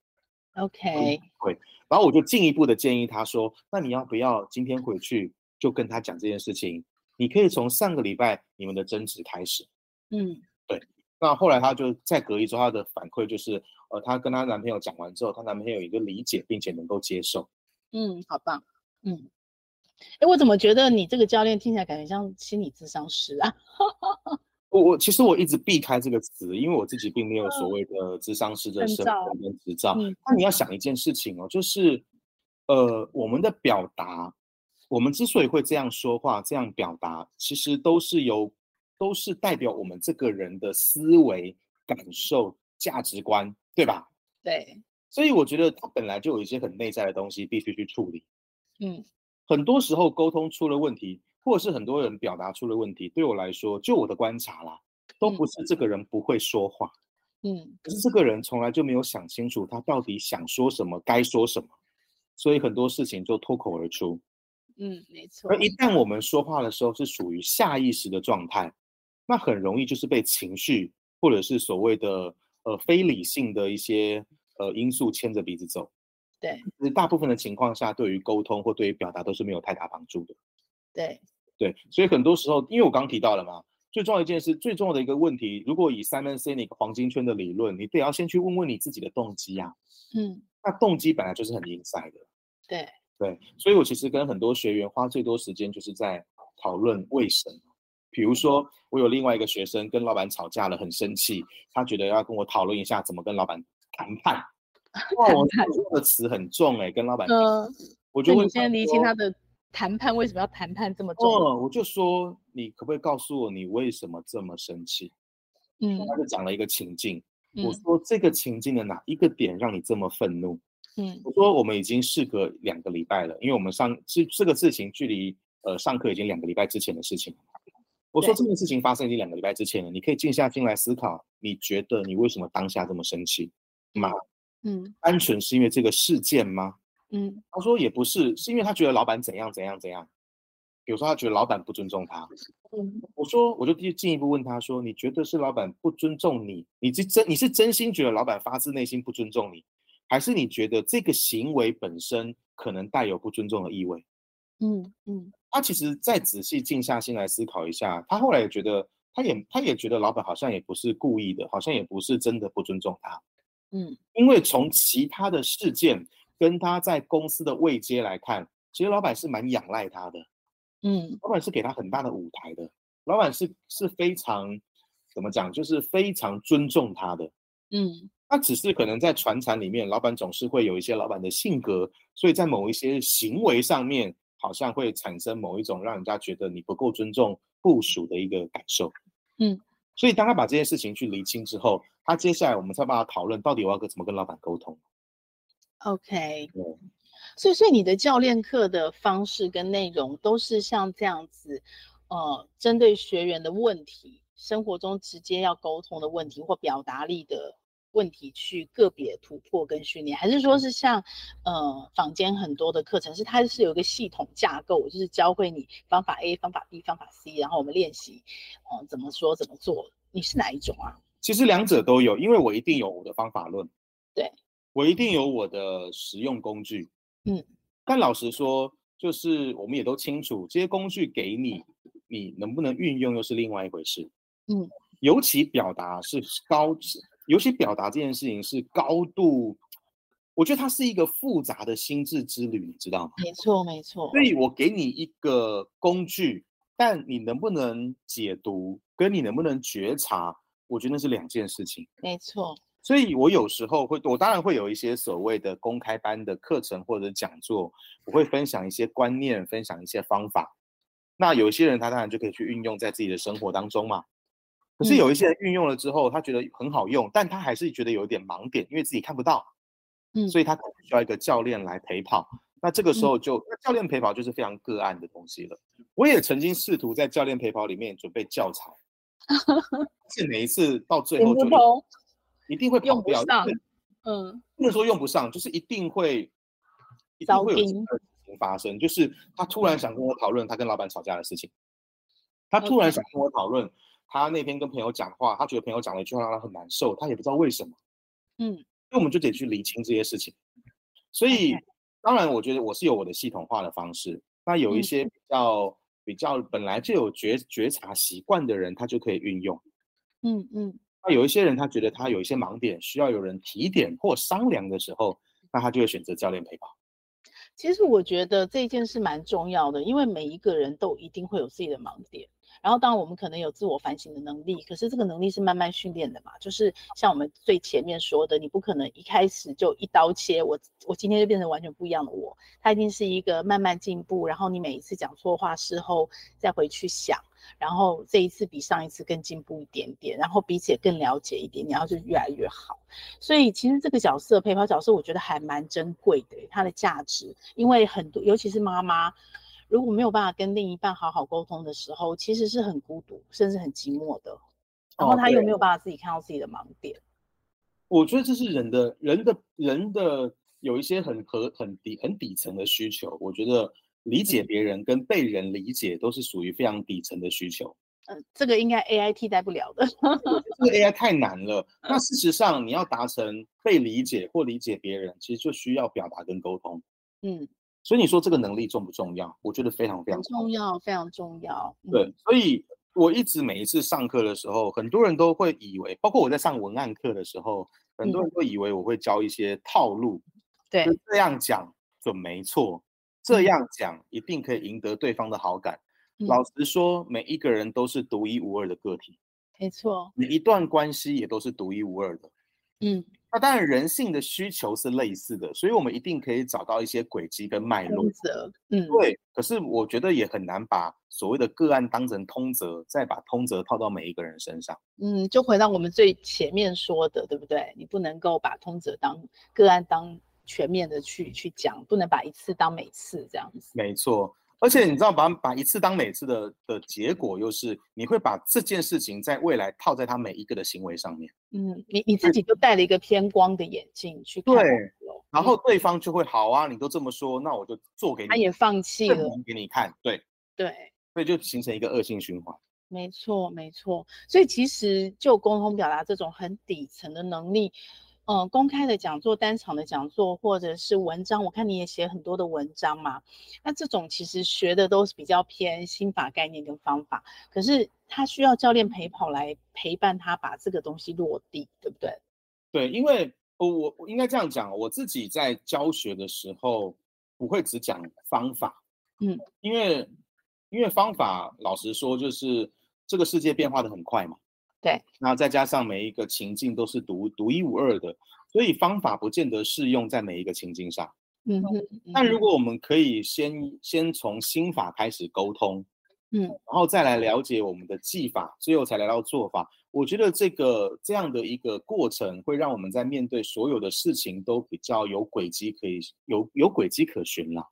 嗯，OK，會。然後我就進一步的建議他說，那你要不要今天回去就跟他講這件事情？你可以從上個禮拜你們的爭執開始。嗯，對。那後來他就再隔一周，他的反饋就是。呃，她跟她男朋友講完之後，她男朋友有一個理解並且能夠接受。嗯，好棒。嗯，哎，我怎麼覺得你這個教練聽起來感覺像心理諮商師啊？ <laughs> 我我其實我一直避開這個詞，因為我自己並沒有所謂的諮商師的身份跟執照。那、嗯嗯、你要想一件事情哦，就是呃，我們的表達，我們之所以會這樣說話、這樣表達，其實都是由，都是代表我們這個人的思維、感受、價值觀。對吧？對，所以我覺得他本來就有一些很內在的東西必須去處理。嗯，很多時候溝通出了問題，或者是很多人表達出了問題，對我來說，就我的觀察啦，都不是這個人不會說話。嗯，可是這個人從來就沒有想清楚他到底想說什麼，該說什麼，所以很多事情就脫口而出。嗯，沒錯。而一旦我們說話的時候是屬於下意識的狀態，那很容易就是被情緒或者是所謂的。呃，非理性的一些呃因素牽着鼻子走，對，其實大部分的情況下，對於溝通或對於表達都是沒有太大幫助的，對，對，所以很多時候，因為我剛提到了嘛，最重要一件事，最重要的一個問題，如果以 Simon Sinek 黃金圈的理論，你得要先去問問你自己的動機啊，嗯，那動機本來就是很 inside 的，對，對，所以我其實跟很多學員花最多時間就是在討論為什麼。比如說，我有另外一個學生跟老闆吵架了，很生氣，他覺得要跟我討論一下怎麼跟老闆談判。哇，我看這個詞很重哎、欸，跟老闆。嗯、呃，我覺得你先理清他的談判，為什麼要談判這麼重。哦、我就說你可不可以告訴我你為什麼這麼生氣？嗯，他就講了一個情境、嗯，我說這個情境的哪一個點讓你這麼憤怒？嗯，我說我們已經事隔兩個禮拜了，因為我們上這這個事情距離呃上課已經兩個禮拜之前的事情。我說這件事情發生已經兩個禮拜之前了，你可以靜下心來思考，你覺得你為什麼當下這麼生氣嗎？嗯，單純是因為這個事件嗎？嗯，他說也不是，是因為他覺得老板怎樣怎樣怎樣，比如說他覺得老板不尊重他。嗯，我說我就進進一步問他說，你覺得是老板不尊重你？你是真你是真心覺得老板發自內心不尊重你，還是你覺得這個行為本身可能帶有不尊重的意味？嗯嗯。他其實再仔細靜下心來思考一下，他後來也覺得，他也他也覺得老闆好像也不是故意的，好像也不是真的不尊重他，嗯，因為從其他的事件跟他在公司的位階來看，其實老闆是蠻仰賴他的，嗯，老闆是給他很大的舞台的，老闆是是非常怎麼講，就是非常尊重他的，嗯，他只是可能在傳產裡面，老闆總是會有一些老闆的性格，所以在某一些行為上面，好像會產生某一種讓人家覺得你不夠尊重部屬的一個感受，嗯，所以當他把這件事情去釐清之後，他、啊、接下來我們再幫他討論到底我要跟怎麼跟老板溝通。OK，所、嗯、以所以你的教練課的方式跟內容都是像這樣子，呃，針對學員的問題，生活中直接要溝通的問題或表達力的。問題去個別突破跟訓練，還是說是像呃坊間很多的課程，是它是有一個系統架構，就是教會你方法 A、方法 B、方法 C，然後我們練習哦、呃、怎麼說怎麼做。你是哪一種啊？其實兩者都有，因為我一定有我的方法論，對，我一定有我的實用工具。嗯，但老實說，就是我們也都清楚，這些工具給你，你能不能運用又是另外一回事。嗯，尤其表達是高級。尤其表達這件事情是高度，我覺得它是一個複雜的心智之旅，你知道嗎？沒錯，沒錯。所以我給你一個工具，但你能不能解讀，跟你能不能覺察，我覺得那是兩件事情。沒錯。所以我有時候會，我當然會有一些所謂的公開班的課程或者講座，我會分享一些觀念，分享一些方法。那有一些人，他當然就可以去運用在自己的生活當中嘛。可是有一些人運用了之後，他覺得很好用，嗯，但他還是覺得有點盲點，因為自己看不到，嗯，所以他需要一個教練來陪跑，嗯。那這個時候就，那教練陪跑就是非常個案的東西了。嗯，我也曾經試圖在教練陪跑裡面準備教材， <laughs> 但是每一次到最後就，一定會跑掉 <laughs> 不用不上，嗯，不能說用不上，就是一定會，一定會有事情發生，就是他突然想跟我討論他跟老闆吵架的事情，嗯，他突然想跟我討論。他那天跟朋友講話，他覺得朋友講了一句話讓他很難受，他也不知道為什麼。嗯，所以我們就得去理清這些事情。所以，嗯、當然，我覺得我是有我的系統化的方式。那有一些比較、嗯、比較本來就有覺覺察習慣的人，他就可以運用。嗯嗯。那有一些人，他覺得他有一些盲點，需要有人提點或商量的時候，那他就會選擇教練陪跑。其實我覺得這件事蠻重要的，因為每一個人都一定會有自己的盲點。然後，當然，我們可能有自我反省的能力，可是這個能力是慢慢訓練的嘛。就是像我們最前面說的，你不可能一開始就一刀切，我我今天就變成完全不一樣的我。它一定是一個慢慢進步。然後你每一次講錯話，事後再回去想，然後這一次比上一次更進步一點點，然後彼此也更了解一點，然後就越來越好。所以，其實這個角色陪跑角色，我覺得還蠻珍貴的，它的價值，因為很多，尤其是媽媽。如果沒有辦法跟另一半好好溝通的時候，其實是很孤獨，甚至很寂寞的。然後他又沒有辦法自己看到自己的盲點。Oh, 我覺得這是人的人的人的有一些很很很底很底層的需求。我覺得理解別人跟被人理解都是屬於非常底層的需求。嗯，這個應該 AI 替代不了的。這 <laughs> 個 AI 太難了。那事實上，你要達成被理解或理解別人，其實就需要表達跟溝通。嗯。所以你說這個能力重不重要？我覺得非常非常重要，很重要非常重要，嗯。對，所以我一直每一次上課的時候，很多人都會以為，包括我在上文案課的時候，很多人都以為我會教一些套路。對、嗯，就這樣講準沒錯，這樣講一定可以贏得對方的好感，嗯。老實說，每一個人都是獨一無二的個體，沒錯，每一段關係也都是獨一無二的。嗯。那當然，人性的需求是類似的，所以我們一定可以找到一些軌跡跟脈絡。嗯，對。可是我覺得也很難把所謂的個案當成通則，再把通則套到每一個人身上。嗯，就回到我們最前面說的，對不對？你不能夠把通則當個案當全面的去、嗯、去講，不能把一次當每次這樣子。沒錯。而且你知道把，把把一次當每次的的結果，又是你會把這件事情在未來套在他每一個的行為上面。嗯，你你自己就戴了一個偏光的眼鏡去看。對，然後對方就會好啊、嗯，你都這麼說，那我就做給你。他也放棄了。給你看，對對，所以就形成一個惡性循環。沒錯，沒錯。所以其實就溝通表達這種很底層的能力。嗯、呃，公開的講座、單場的講座，或者是文章，我看你也寫很多的文章嘛。那這種其實學的都是比較偏心法概念跟方法，可是他需要教練陪跑來陪伴他把這個東西落地，對不對？對，因為我我應該這樣講，我自己在教學的時候不會只講方法，嗯，因為因為方法老實說就是這個世界變化的很快嘛。對，那再加上每一個情境都是獨獨一無二的，所以方法不見得適用在每一個情境上。嗯，那如果我們可以先、嗯、先從心法開始溝通，嗯，然後再來了解我們的技法，最後才來到做法，我覺得這個這樣的一個過程，會讓我們在面對所有的事情都比較有軌跡可以有有軌跡可循了、啊。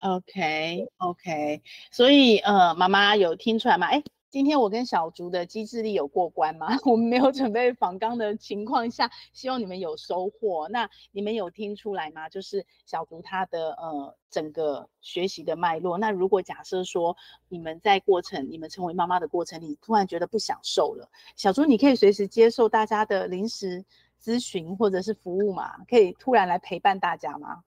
OK OK，所以呃，媽媽有聽出來嗎？哎。今天我跟小竺的機智力有過關嗎？我們沒有準備訪綱的情況下，希望你們有收穫。那你們有聽出來嗎？就是小竺他的呃整個學習的脈絡。那如果假設說你們在過程，你們成為媽媽的過程裡突然覺得不享受了，小竺你可以隨時接受大家的臨時諮詢或者是服務嗎？可以突然來陪伴大家嗎？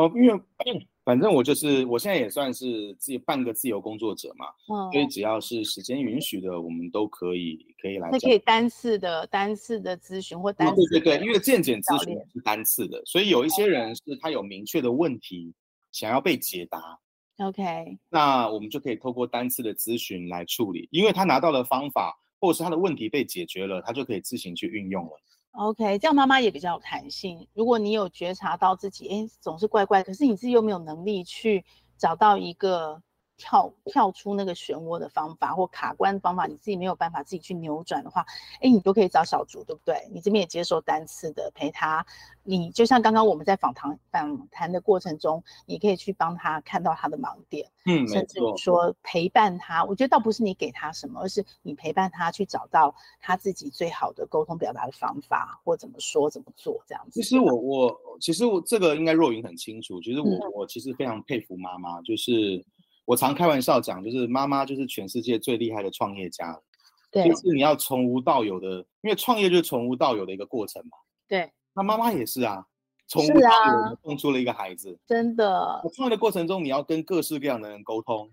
哦，因為反正我就是，我現在也算是自己半個自由工作者嘛，哦、所以只要是時間允許的，我們都可以可以來。那可以單次的單次的諮詢或單次的、嗯、對對對，因為健檢諮詢是單次的，所以有一些人是他有明確的問題想要被解答，OK，、哦、那我們就可以透過單次的諮詢來處理，因為他拿到的方法或者是他的問題被解決了，他就可以自行去運用了。OK，這樣媽媽也比較有彈性。如果你有覺察到自己，哎、欸，總是怪怪，可是你自己又沒有能力去找到一個。跳跳出那個漩渦的方法或卡關的方法，你自己沒有辦法自己去扭轉的話，誒，你都可以找小竺，對不對？你這邊也接受單次的陪他，你就像剛剛我們在訪談訪談的過程中，你可以去幫他看到他的盲點，嗯，甚至說陪伴他，我覺得倒不是你給他什麼，而是你陪伴他去找到他自己最好的溝通表達的方法，或怎麼說怎麼做這樣子。其實我我其實我這個應該若雲很清楚。其實我、嗯、我其實非常佩服媽媽，就是。我常開玩笑講，就是媽媽就是全世界最厲害的創業家。對，就是你要從無到有的，因為創業就是從無到有的一個過程嘛。對，那媽媽也是啊，從無到有的，生出了一個孩子。啊。真的，創業的過程中，你要跟各式各樣的人溝通。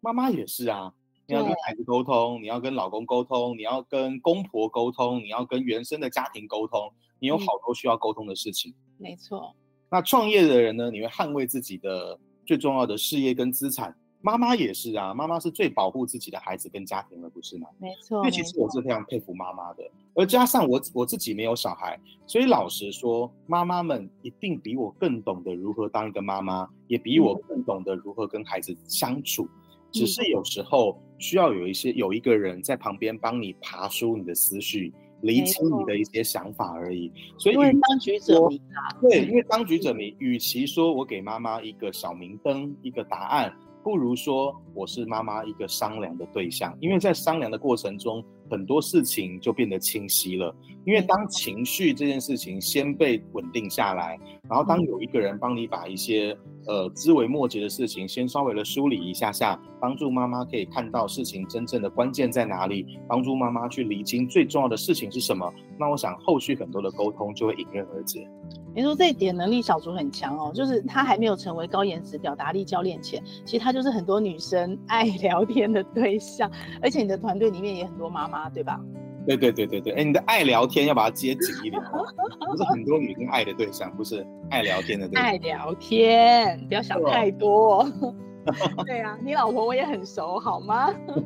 媽媽也是啊，你要跟孩子溝通，跟溝通，你要跟老公溝通，你要跟公婆溝通，你要跟原生的家庭溝通，你有好多需要溝通的事情。嗯，沒錯。那創業的人呢，你會捍衛自己的最重要的事業跟資產。媽媽也是啊，媽媽是最保護自己的孩子跟家庭的，不是嗎？沒錯。因為其實我是非常佩服媽媽的，而加上我我自己沒有小孩，所以老實說，媽媽們一定比我更懂得如何當一個媽媽，也比我更懂得如何跟孩子相處。嗯、只是有時候需要有一些、嗯、有一個人在旁邊幫你爬梳你的思緒，理清你的一些想法而已。所以，以當局者迷對，因為當局者迷、嗯，與其說我給媽媽一個小明燈、一個答案。不如說我是媽媽一個商量的對象，因為在商量的過程中，很多事情就變得清晰了，因為當情緒這件事情先被穩定下來。然後當有一個人幫你把一些呃枝微末節的事情先稍微的梳理一下下，幫助媽媽可以看到事情真正的關鍵在哪裡，幫助媽媽去釐清最重要的事情是什麼，那我想後續很多的溝通就會迎刃而解。你說這一點能力小竺很強哦，就是她還沒有成為高言值表達力教練前，其實她就是很多女生愛聊天的對象，而且你的團隊裡面也很多媽媽對吧？對對對對對，哎，你的愛聊天要把它接緊一點，不是很多女生愛的對象，不是愛聊天的對象。愛聊天，不要想太多。對呀、 <laughs> 對啊，你老婆我也很熟，好嗎？ <laughs>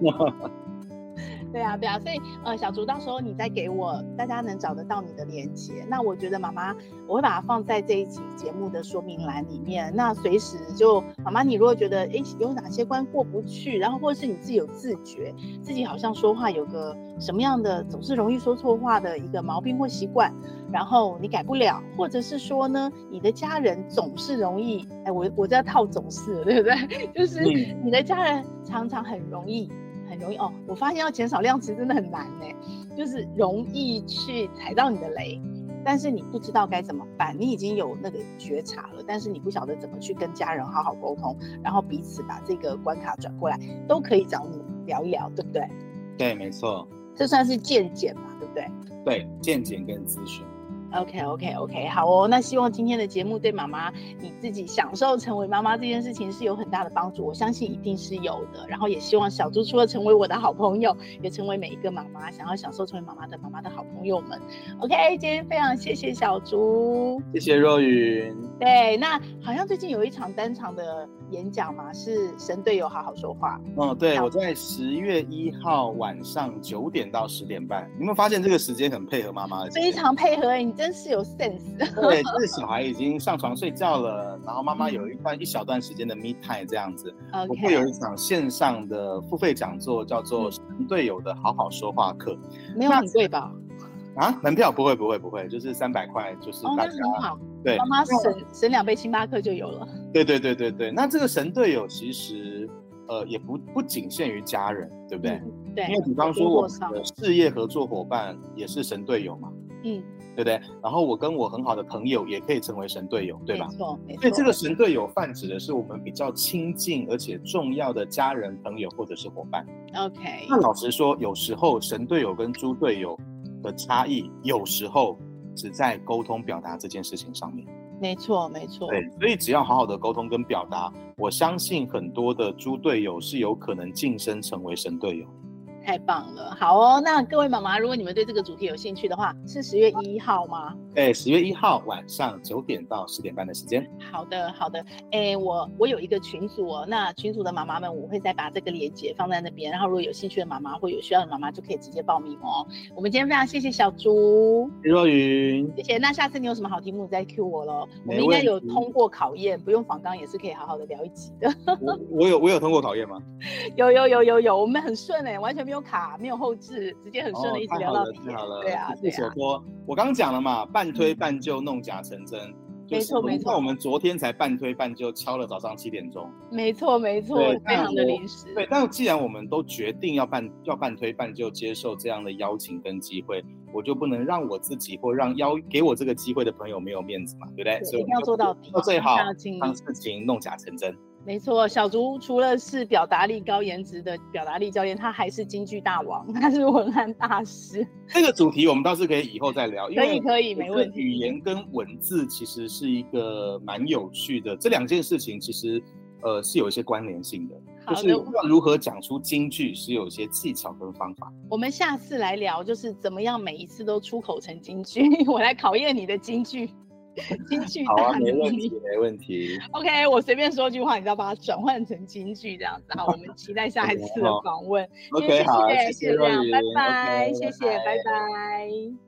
對啊，對啊，所以呃，小竺到時候你再給我，大家能找得到你的連結。那我覺得媽媽，我會把它放在這一期節目的說明欄裡面。那隨時就媽媽，你如果覺得哎有哪些關過不去，然後或者是你自己有自覺，自己好像說話有個什麼樣的總是容易說錯話的一個毛病或習慣，然後你改不了，或者是說呢，你的家人總是容易，哎，我我這套總是，對不對？就是你的家人常常很容易。很容易哦，我發現要減少量詞真的很難呢，就是容易去踩到你的雷，但是你不知道該怎麼辦，你已經有那個覺察了，但是你不曉得怎麼去跟家人好好溝通，然後彼此把這個關卡轉過來，都可以找你聊一聊，對不對？對，沒錯，這算是健檢嘛，對不對？對，健檢跟諮詢。OK OK OK，好哦。那希望今天的節目對媽媽你自己享受成為媽媽這件事情是有很大的幫助，我相信一定是有的。然後也希望小竺除了成為我的好朋友，也成為每一個媽媽想要享受成為媽媽的媽媽的好朋友們。OK，今天非常謝謝小竺，謝謝若雲。對，那好像最近有一場單場的演講嘛，是神隊友好好說話。嗯、哦，對，我在十月一號晚上九點到十點半，你有沒有發現這個時間很配合媽媽？非常配合你、欸。真是有 sense。 <laughs> 對，就是小孩已經上床睡覺了，然後媽媽有一段一小段時間的 me time 這樣子。Okay. 我會有一場線上的付費講座，叫做“神隊友的好好說話課”嗯。沒有很貴吧？啊，門票不會不會不會，就是三百塊，就是大家。哦、好。對，媽媽省省兩杯星巴克就有了。對,對對對對對，那這個神隊友其實，呃，也不不僅限於家人，對不對？嗯、對。因為比方說，我們的事業合作夥伴也是神隊友嘛。嗯。嗯對不對？然後我跟我很好的朋友也可以成為神隊友，對吧？沒錯，沒錯。所以這個神隊友泛指的是我們比較親近而且重要的家人、朋友或者是夥伴。OK。那老實說，有時候神隊友跟豬隊友的差異，有時候只在溝通表達這件事情上面。沒錯，沒錯。對，所以只要好好的溝通跟表達，我相信很多的豬隊友是有可能晉升成為神隊友。太棒了，好哦。那各位媽媽，如果你們對這個主題有興趣的話，是十月一號嗎？哎、欸，十月一號晚上九點到十點半的時間。好的，好的。哎、欸，我我有一個群組哦，那群組的媽媽們，我會再把這個鏈接放在那邊。然後如果有興趣的媽媽或有需要的媽媽，就可以直接報名哦。我們今天非常謝謝小竺、李若雲，謝謝。那下次你有什麼好題目再、再 Q 我嘍。我們應該有通過考驗，不用訪綱也是可以好好的聊一集的。 <laughs> 我、我有我有、我有通過考驗嗎？有有有有有，我們很順哎、欸，完全沒有。沒有卡沒有後置，直接很順利一直聊到天，哦。太好了，太好了。對啊，對啊對啊，所以說，我剛講了嘛，半推半就弄假成真。沒、嗯，錯沒錯。沒錯就是、沒錯沒錯，我們昨天才半推半就敲了早上七點鐘。沒錯沒錯，非常的臨時對。對，但既然我們都決定要半要半推半就接受這樣的邀請跟機會，我就不能讓我自己或讓邀給我這個機會的朋友沒有面子嘛，對不對？所以我們要做到做到最好，讓事情弄假成真。沒錯，小竹除了是表達力、高言值的表達力教練，他還是金句大王，他是文案大師。這個主題我們倒是可以以後再聊， <laughs> 因為可以，可以，沒問題。語言跟文字其實是一個蠻有趣的，這兩件事情其實呃是有一些關聯性的。好的就是要如何講出金句是有一些技巧跟方法。我們下次來聊，就是怎麼樣每一次都出口成金句。 <laughs> 我來考驗你的金句。金句、啊，好沒問題，沒問題。OK，我隨便說一句話，你就要把它轉換成金句這樣子。好，我們期待下一次的訪問。 <laughs> OK，好，謝謝，謝謝，拜拜，okay, 謝謝，bye. 拜拜。